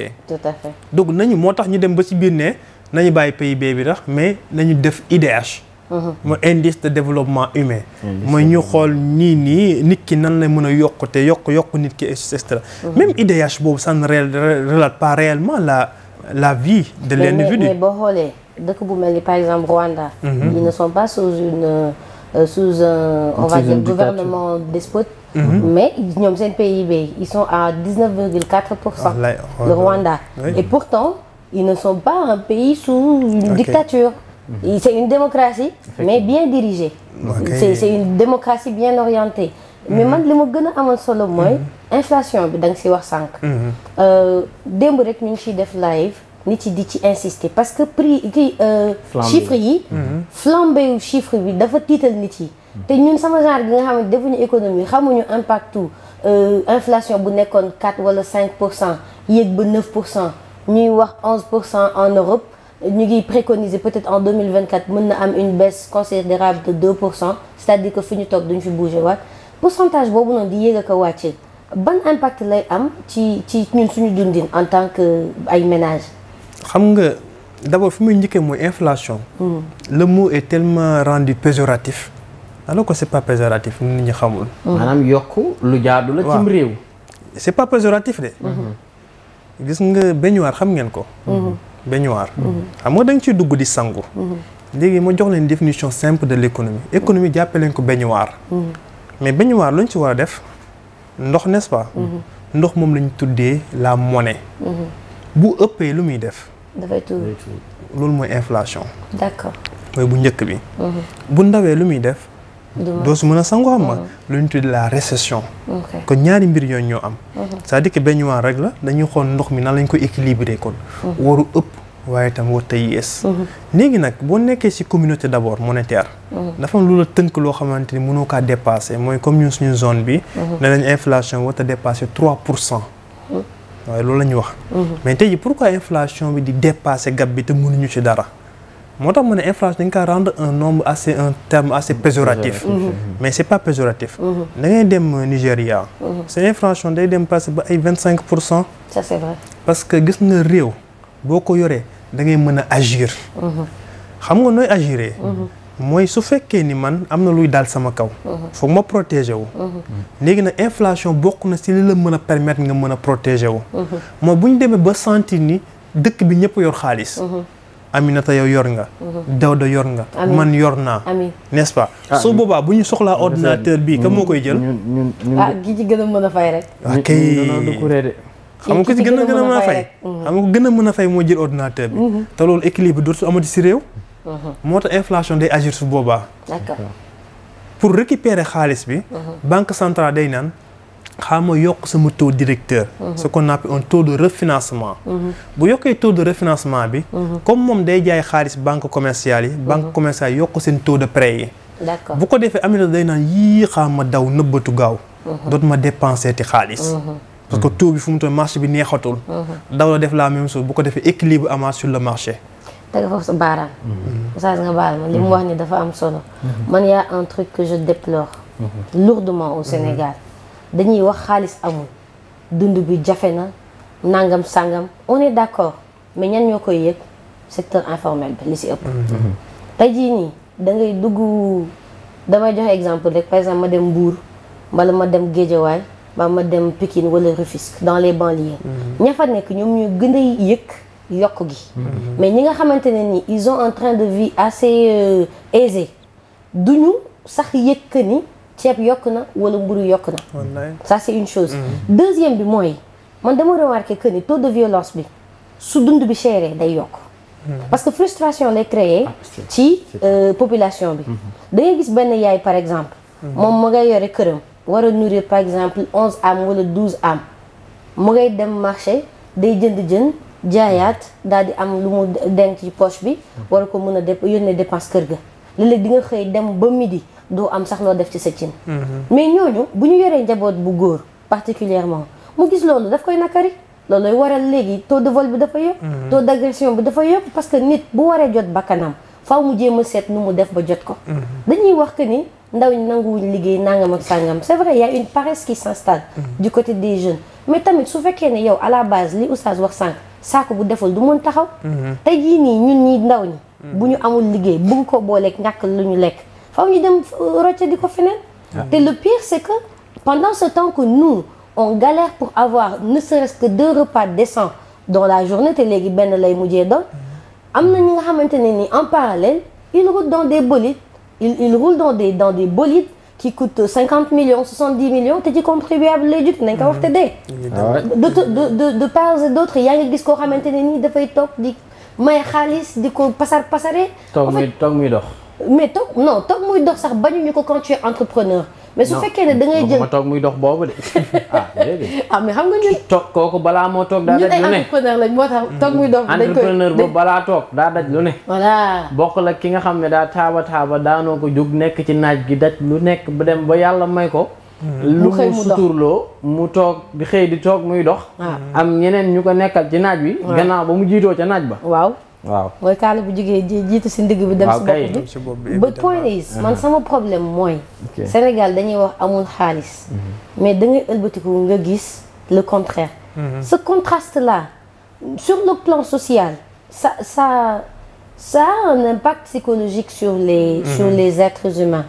tout nañu moo tax ñu dem ba ci biir ne nañu bàyyi PIB bi tax mais nañu def IDH mooy indice de développement humain. mooy ñu xool nii ni nit ki nan la mën a yokk te yokk yokk nit ki et cetera. Mhm. même IDH boobu ça ne pas réellement la la vie de l'individu. mais boo xoolee dëkk bu mel par exemple Rwanda. Mhm. ils ne sont pas sous une euh, sous un on va dire gouvernement despote. Mhm. mais ils sont à dix neuf virgule quatre pour le Rwanda et pourtant ils ne sont pas un pays sous une dictature. c'est une démocratie mais bien dirigée c'est c'est une orientée mais mhm. man li ma gën a amoon solo mooy mhm. inflation bi da nga si wax sànq mhm. euh, démb rek ñu ngi ciy def live nit yi di ci insister parce que prix kii euh, chiffre yi flambé yu chiffre bi dafa tiital nit yi te ñun sama genre bi nga xam ne defuñu économie xamuñu impact euh, inflation bu nekkoon 4 wala 5 pour cent yéeg ba 9 pour cent ñuy wax 11 pour cent en Europe ñu ngi préconiser peut-être en 2024 mën na am une baisse considérable de c'est-à-dire que fi ñu toog duñ fi bouger waat pourcentage boobu noonu di yéeg ak a ban impact lay am ci ci ñun suñu dundin en tant que ay ménage xam nga d'abord fu muy njëkkee mooy inflation hmm. le mot est tellement rendu péjoratif alors que c'est pas péjoratif nit ñi xamul hmm. maanaam yokk lu jaadu la cim réew c'est pas péjoratif de hmm. gis nga baignoire xam ngeen ko baignoire xam nga dañ nga dugg di sangu léegi ma jox leen définition simple de l'économie économie jàppee leen ko baignoire mais baignoire lu ñu ci war a def ndox nest pas ndox moom lañ tuddee la mone bu ëppee lu muy def loolu mooy inflation d'accord bu njëkk bi mhm. bu ndawee lu muy def doo su mën a sangu xam nga mm. lu ñu tuddee la récession kon ñaari mbir yooyu ñoo am mm-hmm. c'est-à-dire que baignoire rek la dañuy xool ndox mi nan lañ ko équilibré kon mm-hmm. waru ëpp waaye itam war tey yees mm-hmm. léegi nag boo nekkee ci communauté d'abord monétaire dafa am tënk loo xamante ni mënoo kaa dépassé mooy comme ñun suñu zone bi ne nañ inflation war a dépassé trois pour cent waaye loolu la ñu wax mais tey ji pourquoi inflation bi di dépassé gab bi te mënuñu ci dara moo tax ma ne inflation dañ kaa rendre un nombre assez un terme assez péjoratif. Mhm. Mhm. mais c' est pas péjoratif. Mhm. da ngay dem euh, Nigéria. seen inflation day dem passé ba ay vingt cinq pour cent. ça parce que gis nga réew boo ko yoree da ngay mën a agir. xam nga nooy agiree. mooy su fekkee ni man am na luy daal sama kaw. foog ma protéger wu. léegi nag inflation bokk na si li la mën a permettre nga mën a protéger wu. mooy bu ñu demee ba sentir ni dëkk bi ñëpp yor xaalis. Aminata yow yor nga. Mhm. da yor nga. man yor naa. amiin n'est-ce pas. Ah, su boobaa bu ñu soxlaa ordinateur bi ka moo koy jël. ñun ñun ah ki ci gën a mën a fay rek. ok ah, xam nga ko gën a gën a mën a fay. Mhm. gën a mën a fay moo jël ordinateur bi. Mhm. te loolu équilibre dootu amati si réew. moo tax inflation day agir su boobaa. pour récupérer xaalis bi. banque centrale day naan. xaaral ma yokk sama taux directeur. Mhm. ce qu'on appelle un taux de refinancement. Mhm. bu yokkee taux de refinancement bi. Mhm. comme moom day jaay xaalis banque commerciale yi. banque commerciale yokk seen taux de prêt yi. bu ko defee Aminata day naan yii xaaral ma daw nëbbatu gaaw. doot ma dépensé ti xaalis. parce que taux bi fu mu toll marché bi neexatul. daw la def la même chose bu ko defee équilibre amaat sur le marché. tega foofu sa baaraam. message nga baaraam li wax ni dafa am a dañuy wax xaalis amul dund bi jafe na nangam sangam on est d'accord mais ñan ñoo koy yëg secteur informel bi lu si ëpp. tey jii nii da ngay damay joxe exemple rek par exemple ma dem Mbour wala ma dem Géejawaay ba ma dem Pikine wala Rufisque dans les banlieues. Mhm. ña fa nekk ñoom ñu gën a yëg yokk gi. Mhm. mais ñi nga xamante ne nii ils ont un train de vie assez euh, aisé duñu sax yëg ni. ceeb yokk na wala mburu yokk na ça c'est une chose mhm. deuxième bi mooy man dama remarqué que ni taux de violence bi su dund bi chéré day yokk mhm. parce que frustration lay créer ah, ci euh, population bi mhm. da gis benn yaay par exemple moom mu ngay yore këram war a nourrir par exemple onze âmes wala douze âmes mu ngay dem marché day jënd jën jaayaat daal di am lu mu denc ci poche bi war ko mën a def yónnee dépense kër ga léeg di nga xëy dem ba midi doo am sax loo def ci sa cin. Mhm. mais ñooñu bu ñu yoree njaboot bu góor particulièrement mu gis loolu daf koy nakari loolooy waral léegi taux de vol bi dafa yëpp mhm. taux d'agression bi dafa yëpp parce que nit bu waree jot bakkanam faw mu jéem a seet nu mu def ba jot ko. Mhm. dañuy wax que ni ndaw ñi nanguwuñ liggéey nangam ak sàngam c'est vrai y a une paresse qui s'installe du côté des jeunes mais tamit su fekkee ne yow à la base li oustaz wax sànq saako bu deful du mën taxaw. tey jii nii ñun ñi ndaw ñi. bu ñu amul liggéey bëgg ko booleeg ñàkk lu ñu lekk. faaw ñu dem rocce di ko feneen ah. te le pire c'est que pendant ce temps que nous on galère pour avoir ne serait-ce que deux repas décents dans la journée te léegi benn lay mujjee doon am na ñi nga xamante ne ni en parallèle ils roulent dans des bolides ils ils roulent dans des dans des bolides qui coûtent cinquante millions millions te ci contribuable lay jug nañ ko wax te ah ah de de de part et d'autres yaa ngi gis koo xamante ne nii dafay toog di may xaalis di ko pasar pasare toog mi toog mais toog non toog muy dox sax bañuñu ko quand tu es entrepreneur. mais su toog muy dox boobu de [laughs] ah, [laughs] ah xam nga ñun. toog balaa moo toog daa daj lañ moo tax hmm. toog muy dox. dañ koy balaa toog daa daj lu ne. voilà bokk la ki nga xam ne daa taaba taaba daanoo ko jóg nekk ci naaj gi daj lu nekk ba dem ba yàlla may ko. Hmm. lu mu mu toog di xëy di toog muy dox. Ah. am ñeneen ñu ko nekkal ci naaj wi. gannaaw ba mu jiitoo ca naaj ba waaw. waaw mooy kaala bu jugee jiitu si ndigg bi dem si bopp bi ba point is man sama problème mooy Sénégal dañuy wax amul xaalis mhm. mais da ngay ëlbatiku nga gis le contraire mhm. ce contraste là sur le plan social ça ça ça a impact les mhm. sur les êtres humains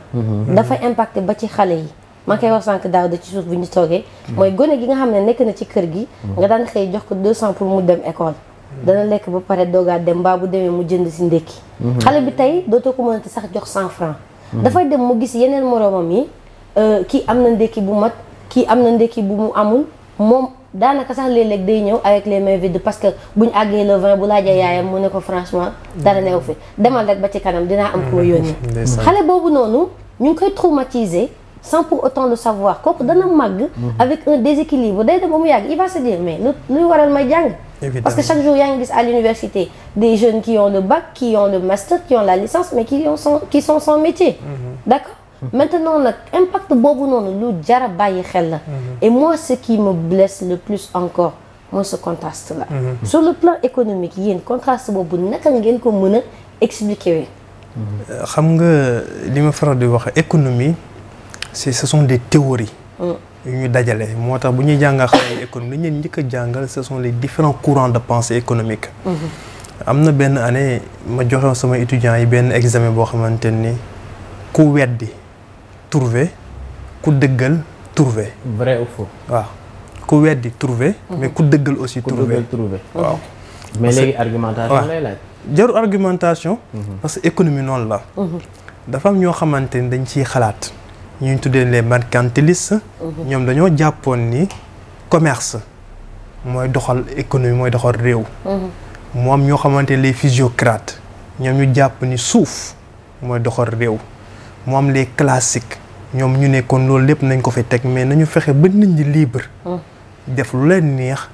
impacté ba ci xale yi maa ngi koy wax sànq daaw da ci suuf bu ñu toogee mooy gone gi nga xam ne nekk na ci kër gi nga daan xëy jox ko deux cents pour mu dem école dana lekk ba pare doogaat dem mbaa bu demee mu jënd si ndékki mhm. xale bi tey dootoo ko mënati sax jox cent franc mhm. dafay dem mu gis yeneen moroomam yi euh, kii am na ndékki bu mat kii am na ndékki bu mu amul moom daanaka sax léeg-léeg day ñëw avec les mains parce que buñ àggee le vin bu laajee yaayam mu ne ko franchement dara neew fi demal rek ba ci kanam dinaa am koo mhm. yónni xale boobu noonu ñu ngi koy traumatiser sans pour autant le savoir kooku dana màgg avec un déséquilibre day dem ba mu yàgg mais lu luy waral may jàng Évidemment. Parce que chaque jour, il y a une liste à l'université des jeunes qui ont le bac, qui ont le master, qui ont la licence, mais qui, ont son, qui sont sans métier. Mm D'accord Maintenant, l'impact bobu non, lu djara baye xel mhm. Et moi, ce qui me blesse le plus encore, moi, ce contraste-là. Mm -hmm. Sur le plan économique, il a un contraste bobu, naka ngeen ko mëna expliquer. Euh, xam nga lima faral di wax économie, ce sont des théories. Mm. yu ñu dajale moo tax bu ñuy jàngal xale économie li ñeen njëkk a jàngal ce sont les différents courants de pensée économique mm-hmm. am na benn année ma joxoon sama étudiants yi benn examen boo xamante ni ku weddi trouver ku dëggal trouver vrai ou faux waaw ku weddi trouver mm-hmm. mais ku dëggal aussi trouver waaw mm-hmm. mais léegi argumentation lay jarul argumentation parce que économie noonu la dafa am ñoo xamante ni dañ ciy xalaat ñu tuddee les mercantilistes. Mhm. ñoom dañoo jàppoon ni commerce mooy doxal économie mooy doxal réew. Mhm. mu am ñoo xamante les physiocrates ñoom ñu jàpp ni suuf mooy doxal réew mu am les classiques ñoom ñu nekkoon loolu lépp nañ ko fi teg mais nañu fexe ba nit ñi libre. Mhm. def lu leen neex.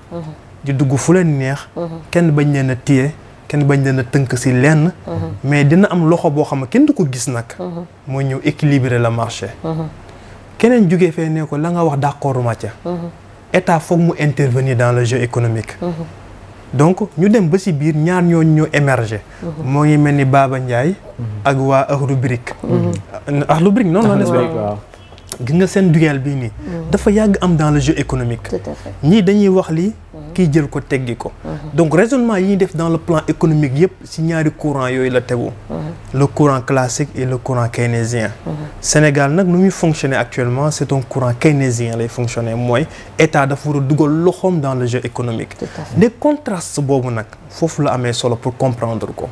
di dugg fu leen neex. kenn bañ leen a téye. kenn bañ leen tënk si lenn. Mhm. mais dina am loxo boo xam ne kenn du ko gis nag. Mhm. mooy ñëw équilibrer le marché. Mhm. keneen jugee fee ne ko la nga wax d'accord matière. état foog mu intervenir dans le jeu économique. donc ñu dem ba si biir ñaar ñooñu ñoo émerger moo ngi mel ni Baba Ndiaye. ak waa Akhlou Brick. Akhlou Brick noonu la. Ah, gis nga seen duel bii nii. Mm-hmm. dafa yàgg am dans le jeu économique. ñii dañuy wax lii. Mm-hmm. kii jël ko teggi ko. Mm-hmm. donc raisonnement yi ñuy def dans le plan économique yëpp ci ñaari courant yooyu la tegu. le courant classique et le courant keynésien. Sénégal nag nu muy fonctionner actuellement c' est un courant keynésien lay fonctionner mooy état dafa war a dugal loxoom dans le jeu économique. les contrastes boobu nag foofu la amee solo pour comprendre ko.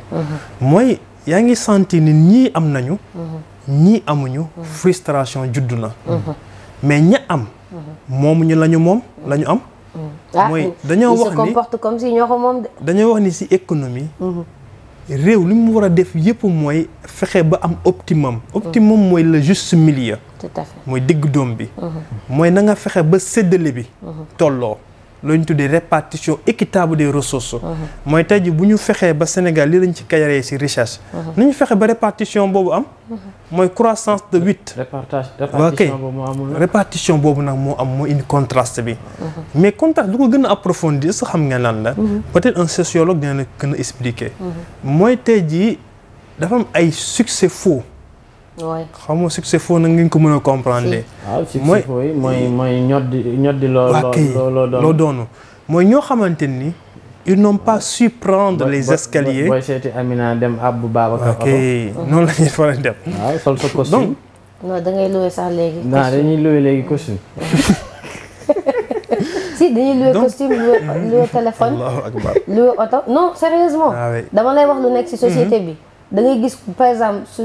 mooy yaa ngi sentir ñii amuñu frustration juddu na mais ña am moomuñu la ñu moom lañu am ah, mooy dañoo wax ni comporte comme si économie réew li mu war a def yëpp mooy fexe ba am optimum optimum mooy le juste milieu tout mooy digg doom bi mhm. mooy na nga fexe ba séddale bi mhm. tolloo loo ñu tuddee répartition équitable des ressources. Mhm. mooy tey ji bu ñu fexee ba Sénégal li lañ ci créé si richesse. Mhm. nu ñu fexe ba répartition boobu am. Mhm. mooy croissance de huit. répartition boobu nag moo am moo indi contraste bi. mais contraste du ko gën a approfondir sa xam nga lan la. peut un sociologue dina la gën a expliquer. mooy tey dafa am ay succès faux. xaw ma succès foo na ngeen ko mën a comprendre. waaw ah, succès foo yi mooy mooy ñoddi ñoo xamante ni. ils n'ont pas su prendre les escaliers. booy seeti Amina dem abbu Babacar. ok noonu la ñuy faral dem. waaw sol sax léegi. costume [laughs] si dañuy loué costume loué téléphone. allahu oto non sérieusement. Ah dama lay wax lu nekk ci société mhm. bi. da ngay gis par exemple su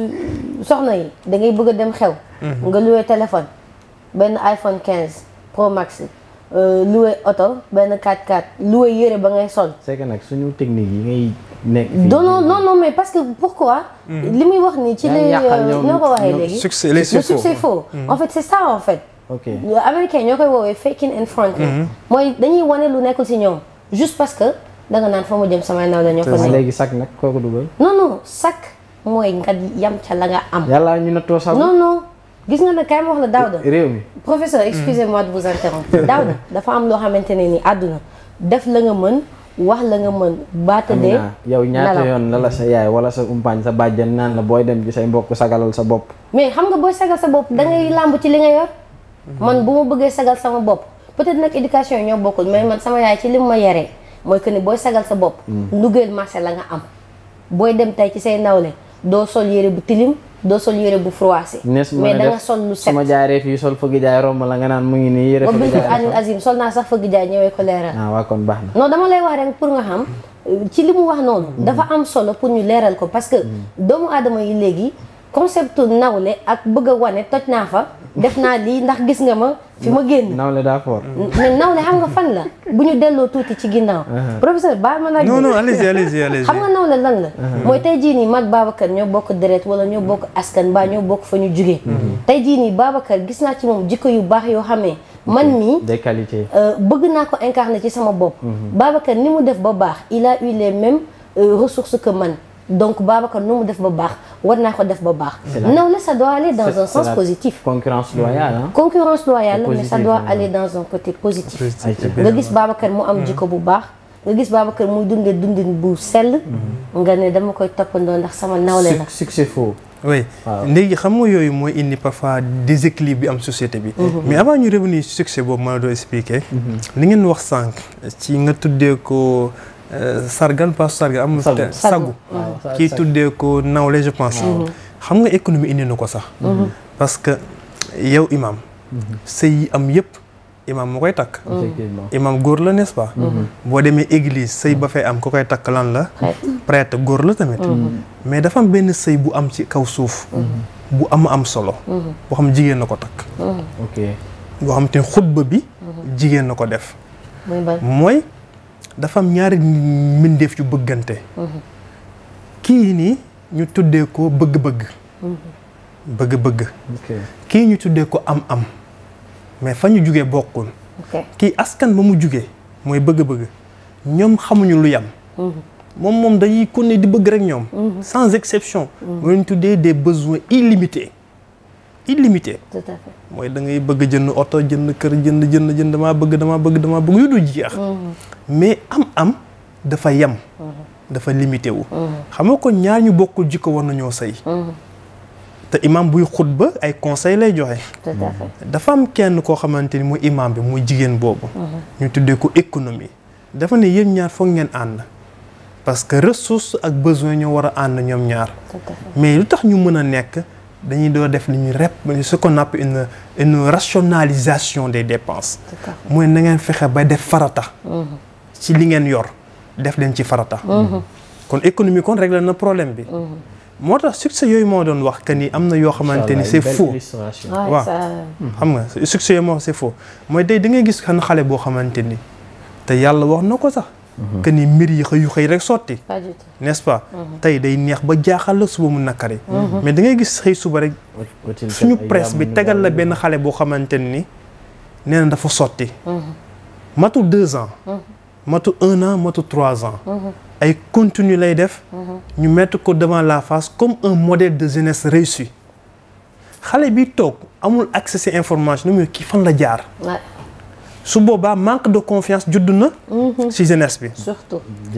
soxna yi da ngay bëgg a dem xew. Mhm. nga loué téléphone benn iPhone 15 Pro Max. Euh, loué oto benn 4x4 loué yére ba ngay sol. c'est que nag suñu technique yi ngay nekk. doo non non mais parce que pourquoi. Mhm. li muy wax nii ci lay. Euh, ñoo ko waxee léegi succès les succès faux. Mhm. en fait c'est ça en fait. ok ñoo koy woowee faking and fronting. mooy dañuy wane lu nekkul si ñoom juste parce que. danga naan fa ma jëm samay naw la ñoo ko. léegi sac nag kooku dugal. non non sac mooy nga yam ca la nga am. yàlla ñu nattoo sax. non non gis nga nag kay ma wax la Daouda. réew mi professeur mm. excusez-moi de vous interrompre. [laughs] Daouda dafa am loo xamante ne ni àdduna def la nga mën. wax la nga mën baatadee. yow ñaata yoon la la sa yaay wala sa umpaañ sa bàjjen naan la booy dem ci say mbokk sagalal sa bopp. mais xam nga booy sagal sa bopp da ngay mm. làmb ci li nga yor. Mm. man bu ma bëggee sagal sama bopp peut-être nag éducation ñoo bokkul mais man sama yaay ci li ma yaree. mooy que ni booy sagal sa bopp. Mm. ndugeel marché la nga am. booy dem tey ci say nawle doo sol yére bu tilim doo sol yére bu froissé. mais da nga sol lu set ma jaaree fii sol fëgg jaay romb la nga naan mu ngi nii yére fëgg jaay azim sol naa sax fëgg ko leeral. ah waa kon baax dama lay wax rek pour nga xam. ci li mu wax noonu. Mm. dafa am solo pour ñu leeral ko parce que mm. doomu aadama yi léegi. conceptu nawle ak bëgg wane toj naa fa def naa lii ndax gis nga ma fi ma génn nawle daa fort mais nawle xam nga fan la bu ñu delloo tuuti ci ginnaaw uh-huh. professeur baa ma laaj non non allez xam nga nawle lan la uh-huh. mooy tey jii nii mag Babacar ñoo bokk deret wala ñoo bokk askan baa ñoo bokk fa ñu jugee uh-huh. tey jii nii Babacar gis naa ci moom jikko yu baax yoo xamee man mii des qualités euh, bëgg naa ko incarner ci sama bopp Babacar ni mu def ba baax il a eu les mêmes euh, ressources que man donc Babacar nu mu def ba baax war naa ko def ba baax. non la ça doit aller dans un sens positif. concurrence loyale hein? concurrence loyale mais ça ah, nga gis Babacar mu am mm. jikko bu baax. nga gis Babacar muy dundee dundin bu sell. Mm-hmm. nga ne dama koy toppandoo ndax sama nawle la. succès faux. oui léegi xam nga yooyu mooy indi parfois déséquilibre bi am société bi. Mm-hmm. mais avant ñu revenir succès boobu ma la doon expliquer. Mm-hmm. li ngeen wax sànq. ci nga tuddee ko. Euh, sargal pas sargal amul ah, sagu kii tuddee ko nawle je pense mhm. xam nga économie indi na ko sax mhm. Mhm. parce que yow imam sëy yi am yëpp imam moo koy takk imam góor la nest pas boo demee église sëy ba fay am ko koy takk lan la prêtre góor la tamit mais dafa am benn sëy bu am ci kaw suuf bu am am solo boo xam jigéen na ko takk boo xam te xutba bi jigéen na ko def mooy dafa am ñaari mbindeef yu bëggante mhm. kii nii ñu tuddee ko bëgg-bëgg mhm. bëgg-bëgg kii ñu tuddee ko am-am mais fa ñu jugee bokkul kii askan ba mu jugee mooy bëgg-bëgg ñoom xamuñu lu yam mhm. moom moom dañuy konne di bëgg rek ñoom sans exception mooy ñu tuddee des besoins illimités illimité tout mooy da ngay bëgg jënd oto jënd kër jënd jënd jënd damaa bëgg damaa bëgg damaa bëgg yu dul jeex mais am-am dafa yem. Mm-hmm. dafa limité wu. Mm-hmm. xam nga kon ñaar ñu bokkul jikko war nañoo sëy mm-hmm. te imam buy xutba ay conseil lay joxe. dafa am kenn koo xamante ni muy imam bi muy jigéen boobu. ñu tuddee ko économie. dafa ne yéen ñaar foog ngeen ànd. parce que ressource ak besoin ñoo war a ànd ñoom ñaar. mais lu tax ñu mën a nekk dañuy doo def li ñu rep ce qu'on appelle une rationalisation des dépenses. mooy na fexe ba def farata. ci li ngeen yor def leen ci farata. Mhm. kon économie kon réglé na problème bi. Mhm. moo tax succès yooyu moo doon wax que ni am na yoo xamante ni c'est faux waaw mhm. xam nga succès yooyu moo c'est faux mooy day da gis xan xale boo xamante ni te yàlla wax na ko sax que ni mbir yi xëyu xëy rek sotti n'est-ce pas tey day neex ba jaaxal la suba mu nakari mais dangay gis xëy suba rek suñu presse bi tegal la benn xale boo xamante ni nee na dafa sotti matul deux ans matu un an matu trois ans. Mhm. ay continue lay def. Mhm. ñu mettre ko devant la fas comme un modèle de jeunesse réussi xale bi toog amul accès ci information nu mu kii fan la jaar. su boobaa manque de confiance judd na. Mhm. ci jeunesse bi.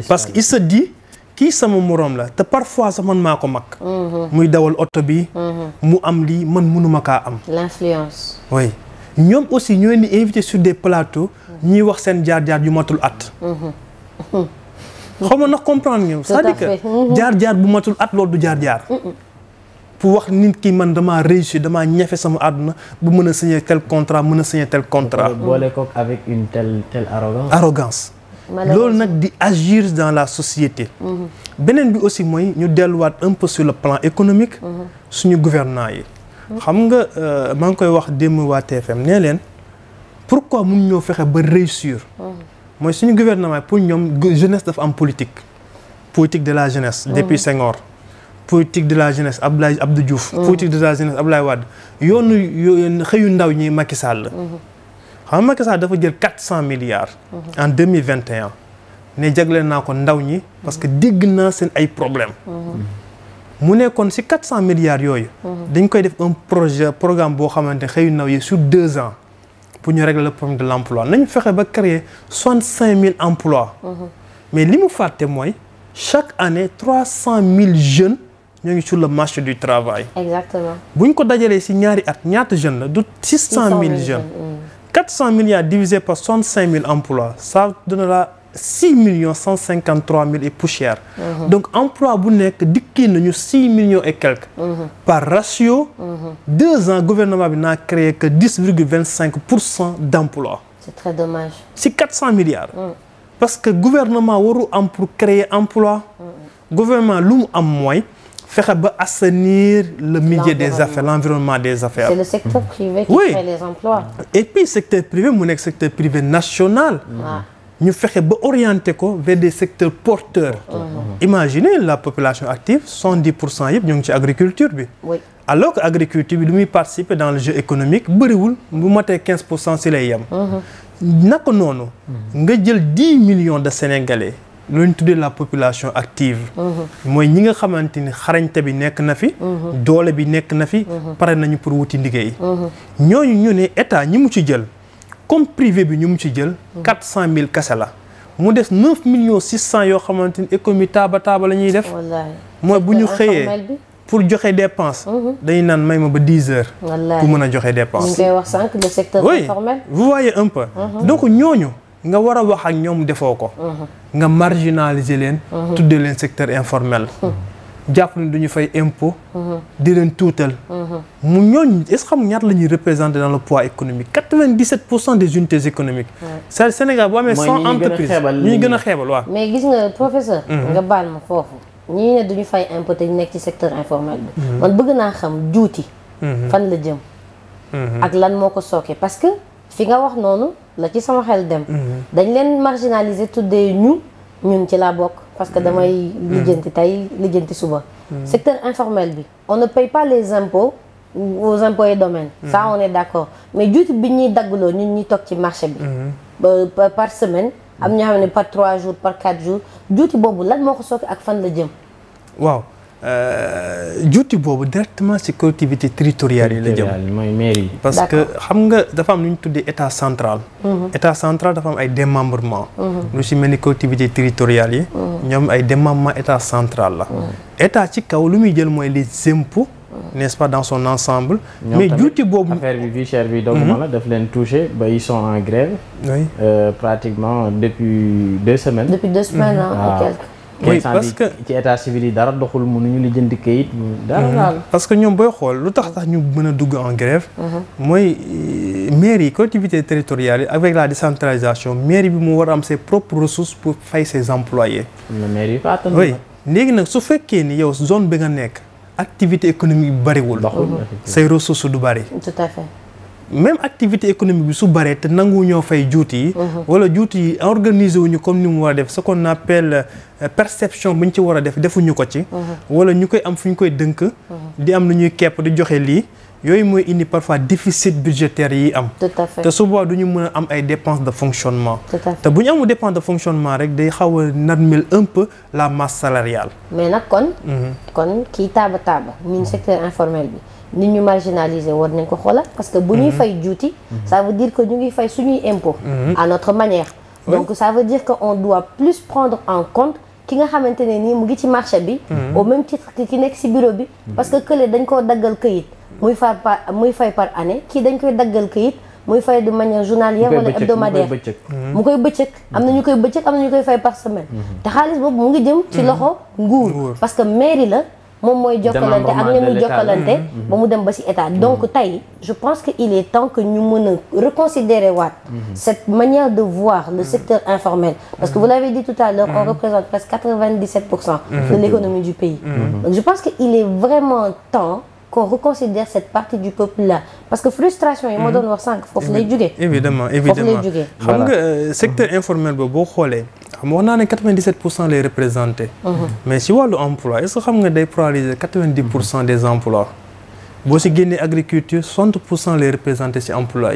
parce que il se dit kii sama moroom la te parfois sax man maa ko mag. muy dawal oto bi. mu am lii man mënuma kaa am. l'influence. ñoom aussi ñoo ni invité sur des plateaux. ñuy wax seen jaar-jaar yu matul at. xaw ma nag comprendre ngeen. cest mhm. jaar-jaar bu matul at loolu du jaar-jaar. Mhm. pour wax nit ki man damaa réussir damaa ñafe sama àdduna bu mën a signer tel contrat mën a signer tel contrat. ko avec une telle loolu nag di agir dans la société. Mhm. beneen bi aussi mooy ñu delluwaat un su sur le plan économique. suñu gouvernants yi. xam nga euh, maa ngi koy wax démb waa TFM nee leen. pourquoi mun ñoo fexe ba réussir. Mmh. mooy suñu gouvernement pour ñoom jeunesse dafa am politique. politique de la jeunesse. Mmh. depuis Senghor. politique de la jeunesse Abdoulaye Abdou Diouf. Mmh. politique de la jeunesse Abdoulaye Wade yoonu xëyu ndaw ñi Macky Sall la. xam nga dafa jël quatre cent milliards. en deux mille vingt et un ne jagleel naa ko ndaw ñi parce que dégg naa seen ay problème mu nekkoon si quatre cent milliards yooyu. dañ koy def un projet programme boo xamante xëyu ndaw yi sur deux ans. pour ñu régler le problème de l' nañu fexe ba créer soixante cinq mille emplois. mais li mu fàtte mooy chaque année trois cent mille jeunes ñoo ngi sur le marché du travail. bu ñu ko dajalee ci ñaari at ñaata jeunes la du six cent mille jeune mm. quatre cent milliards divisé par soixante cinq mille emplois ça donnera six millions cent cinquante trois mille et poussière mhm. donc emploi bu nekk dikkee nañu six millions et quelques mhm. par ratio mhm. deux ans gouvernement bi naa créé que dix virgule vingt cinq pour cent d' emploi c'est très dommage si quatre cent milliards parce que gouvernement waru am pour créer emploi gouvernement lu mu am mooy fexe ba assainir le milieu des affaires l'environnement des affaires c'est le secteur privé qui oui. et puis secteur privé mu nekk secteur privé national ah. ñu fexe ba orienté ko vers des secteur porteurs. Ah imaginez la population active soixante dix pour cent yëpp ñoo ngi ci agriculture bi. alors que agriculture bi lu muy participer dans le jeu économique bëriwul bu matee quinze pour cent si lay yem. Mhm. naka noonu. Mhm. nga jël dix million de sénégalais. lu ñu tuddee la population active. Mhm. mooy ñi nga xamante ni xarañte bi nekk na fi. doole bi nekk na fi. pare nañu pour wuti liggéey. ñooñu ñu ne état ñi mu ci jël. comme privé bi ñu mu ci jël. mille kese la. mu des 9 millions 600 yoo xamante ni économie taaba taaba la ñuy def. wallaahi mooy bu ñu xëyee. pour joxe dépense. Mhm. dañu naan may ma ba 10 heures. wallaahi pour mën a joxe dépense. ñu ngi koy wax sànq le secteur informel. oui vous voyez un peu. Mhm. donc ñooñu. nga war a wax ak ñoom defoo ko. Mhm. nga marginaliser leen. tuddee leen secteur informel. jàpp ne duñu fay impôt mhm. di leen tuutal mhm. mu ñooñ est-ce xam ñaata la ñuy représenté dans le poids économique quatre-vingt-dix-sept pour cent des unités économiques c'est Sénégal boo amee cent entreprises ñi gën a xeebal waaw mais gis nga professeur mhm. nga baal ma foofu ñii ne duñu fay impôt te nekk ci secteur informel bi man bëgg naa xam juuti fan la jëm ak lan moo ko sooke parce que fi nga wax noonu la ci sama xel dem dañ leen marginaliser tuddee ñu ñun ci laa bokk parce que damay lijjanti tey lijjanti suba secteur informel bi on ne paye pas les impôts aux impôts et domaines ça mhm. on est d'accord mais juuti bi ñuy daggloo nit ñi toog ci marché bi mhm. par semaine am ñoo xam ne par trois jours par quatre jours juuti boobu lan moo ko sooke ak fan la jëm waaw Euh, juuti boobu directement ci collectivité territoriale yi la jëm mooy mairie yi parce que xam nga dafa am lu ñu tuddee état central mhm. état central dafa am ay démembrement mhm. lu si mel ni collectivité territoriale yi mhm. ñoom ay démembrement état central la état ci kaw lu muy jël mooy les impôts n'est-ce pas dans son ensemble mais juuti boobu affaire bi vie chère bi leen touché ba ils sont en grève euh, pratiquement depuis deux semaines depuis deux semaines et quelques ah. oui parce que ci état civil dara doxul mënuñu li jënd kayit. dara mhm. daal parce que ñoom booy xool lu tax tax ñu mën a dugg en grève. Mhm. mooy euh, mairie yi collectivités territoriales yi avec la décentralisation mairie bi mu war a am ses propres ressources pour fay ses employés. am na léegi nag su fekkee ni yow zone bi nga nekk activité économique bu bariwul. say ressources du bari. tout à même activité économique bi su baree te nangu ñoo fay juuti yi mhm. wala juuti yi organiser wuñu comme ni mu war a def ce qu'on appelle euh, perception bu ci war a def defuñu ko ci mhm. wala ñu koy am fu ñu koy dënk mhm. di am lu ñuy kepp di joxe lii yooyu mooy indi parfois déficit budgétaire yi am te su boobaa mën a am ay dépenses de fonctionnement te bu ñu amul dépense de fonctionnement rek day xaw a narmel un la masse salariale mais nag kon kon kii taaba taaba min secteur nit ñu marginalisé war nañ ko xoola parce que bu ñuy mhm. fay juuti mhm. ça veut dire ko ñu ngi fay suñuy impôt mhm. à notre manière donc ça veut dire que on doit plus prendre en compte ki nga xamante ne nii mu ngi ci marché bi au même titre ki nekk si bureau bi parce que kële dañ koo daggal këyit muy far par muy fay par année kii dañ koy daggal këyit muy fay de manière journalière wala hebdomadaire mu koy bëccëg am na ñu koy bëccëg am na ñu koy fay par semaine te xaalis boobu mu ngi jëm ci loxo nguur parce que mairie la moom mooy jokkalante ak ña muy jokkalante ba mu dem ba ci état donc mm-hmm. tey je pense que il est que ñu mën a reconsidérer waat mm-hmm. cette manière de voir le mm-hmm. secteur informel parce que vous l'avez dit tout à on représente presque 97 pour cent vraiment temps qu'on reconsidère cette partie du peuple là parce que frustration yi ma mhm. doon wax sànq foofu lay jugee évidemment évidemment xam nga euh, secteur informel boo xoolee xam wax naa ne 97 mhm. mais si wàllu emploi est-ce xam nga day polariser des emplois boo si génnee agriculture 60 pour si emploi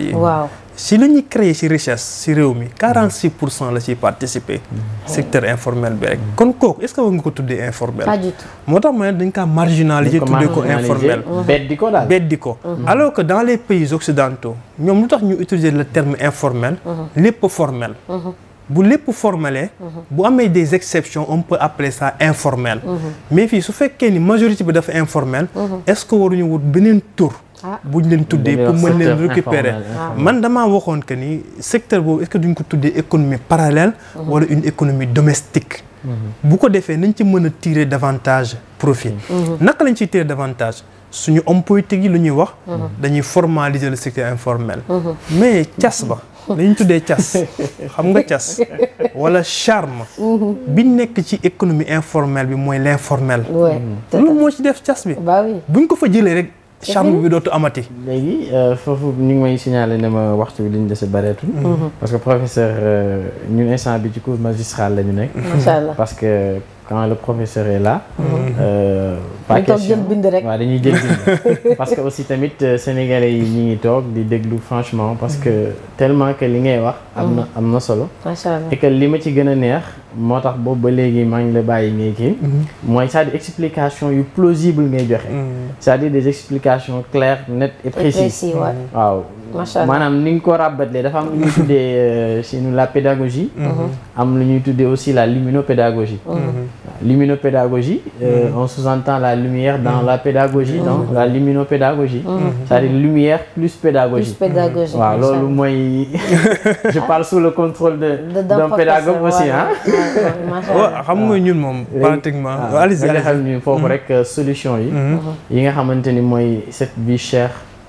si li ñu créé ci richesse ci réew mi la ciy participer. Mm. secteur informel bi rek. Mm. kon kooku est-ce que war nga ko tuddee informel. pas du tout moo tax ma ne dañ kaa marginaliser. tuddee ko informel beddi ko mm-hmm. alors que dans les pays occidentaux ñoom lu tax ñu utiliser le terme informel. Mm-hmm. lépp formel. Mm-hmm. bu lépp formel. bu amee des exceptions on peut appeler ça informel. mais fii su fekkee ni majorité bi dafa informel. est-ce que waruñu wut beneen tur. Ah. buñ leen tuddee pour mën leen récupérer man damaa waxoon que ni secteur boobu est-ce que duñ ko tuddee économie parallèle mhm. wala une économie domestique mhm. bu ko defee nañ ci mën a tirer davantage profit mhm. naka lañ ciy tirer davantage suñu homme politique yi lu ñuy wax dañuy formaliser le secteur informel mais cas ba li tuddee cas xam nga cas [laughs] wala charme bi nekk ci économie informelle bi mooy l'informel loolu moo ci def cas bi buñ ko fa jëlee rek chambre bi dootu amati. léegi euh, foofu ñu ngi may signaler ne ma waxtu bi li ñu dese bareetul. Mhm. parce que professeur euh, ñun instant bi ci cours magistral la ñu nekk. macha allah quand le premier serait là. Mhm. Euh, pas question dañuy toog [laughs] parce que aussi tamit euh, sénégalais yi ñu ngi toog di déglu franchement parce que mhm. tellement que li ngay wax. am na mhm. am na solo. macha que li ma ci gën a neex moo tax boobu ba léegi maa ngi la bàyyi ngay kii. mooy c'est-à-dire explication yu plausible ngay joxe. c'est-à-dire des explications claires nettes et précises. waaw. macha allah maanaam ni nga ko rabatlee dafa am lu ñuy tuddee si euh, nu la pédagogie. Mm-hmm. Mm-hmm. am lu ñuy tuddee aussi la luminopédagogie. Mm-hmm. luminopédagogie. Euh, on sous-entend la lumière dans la pédagogie donc la luminopédagogie. c'est-à-dire lumière plus pédagogie. plus pédagogie waaw loolu mooy [laughs] je parle sous le a de. d'un pédagogue aussi ah. waaw xam nga ñun moom pratiquement. waaw ah, nga xam ni foofu rek euh, solution yi. yi nga xamante ni mooy cette vie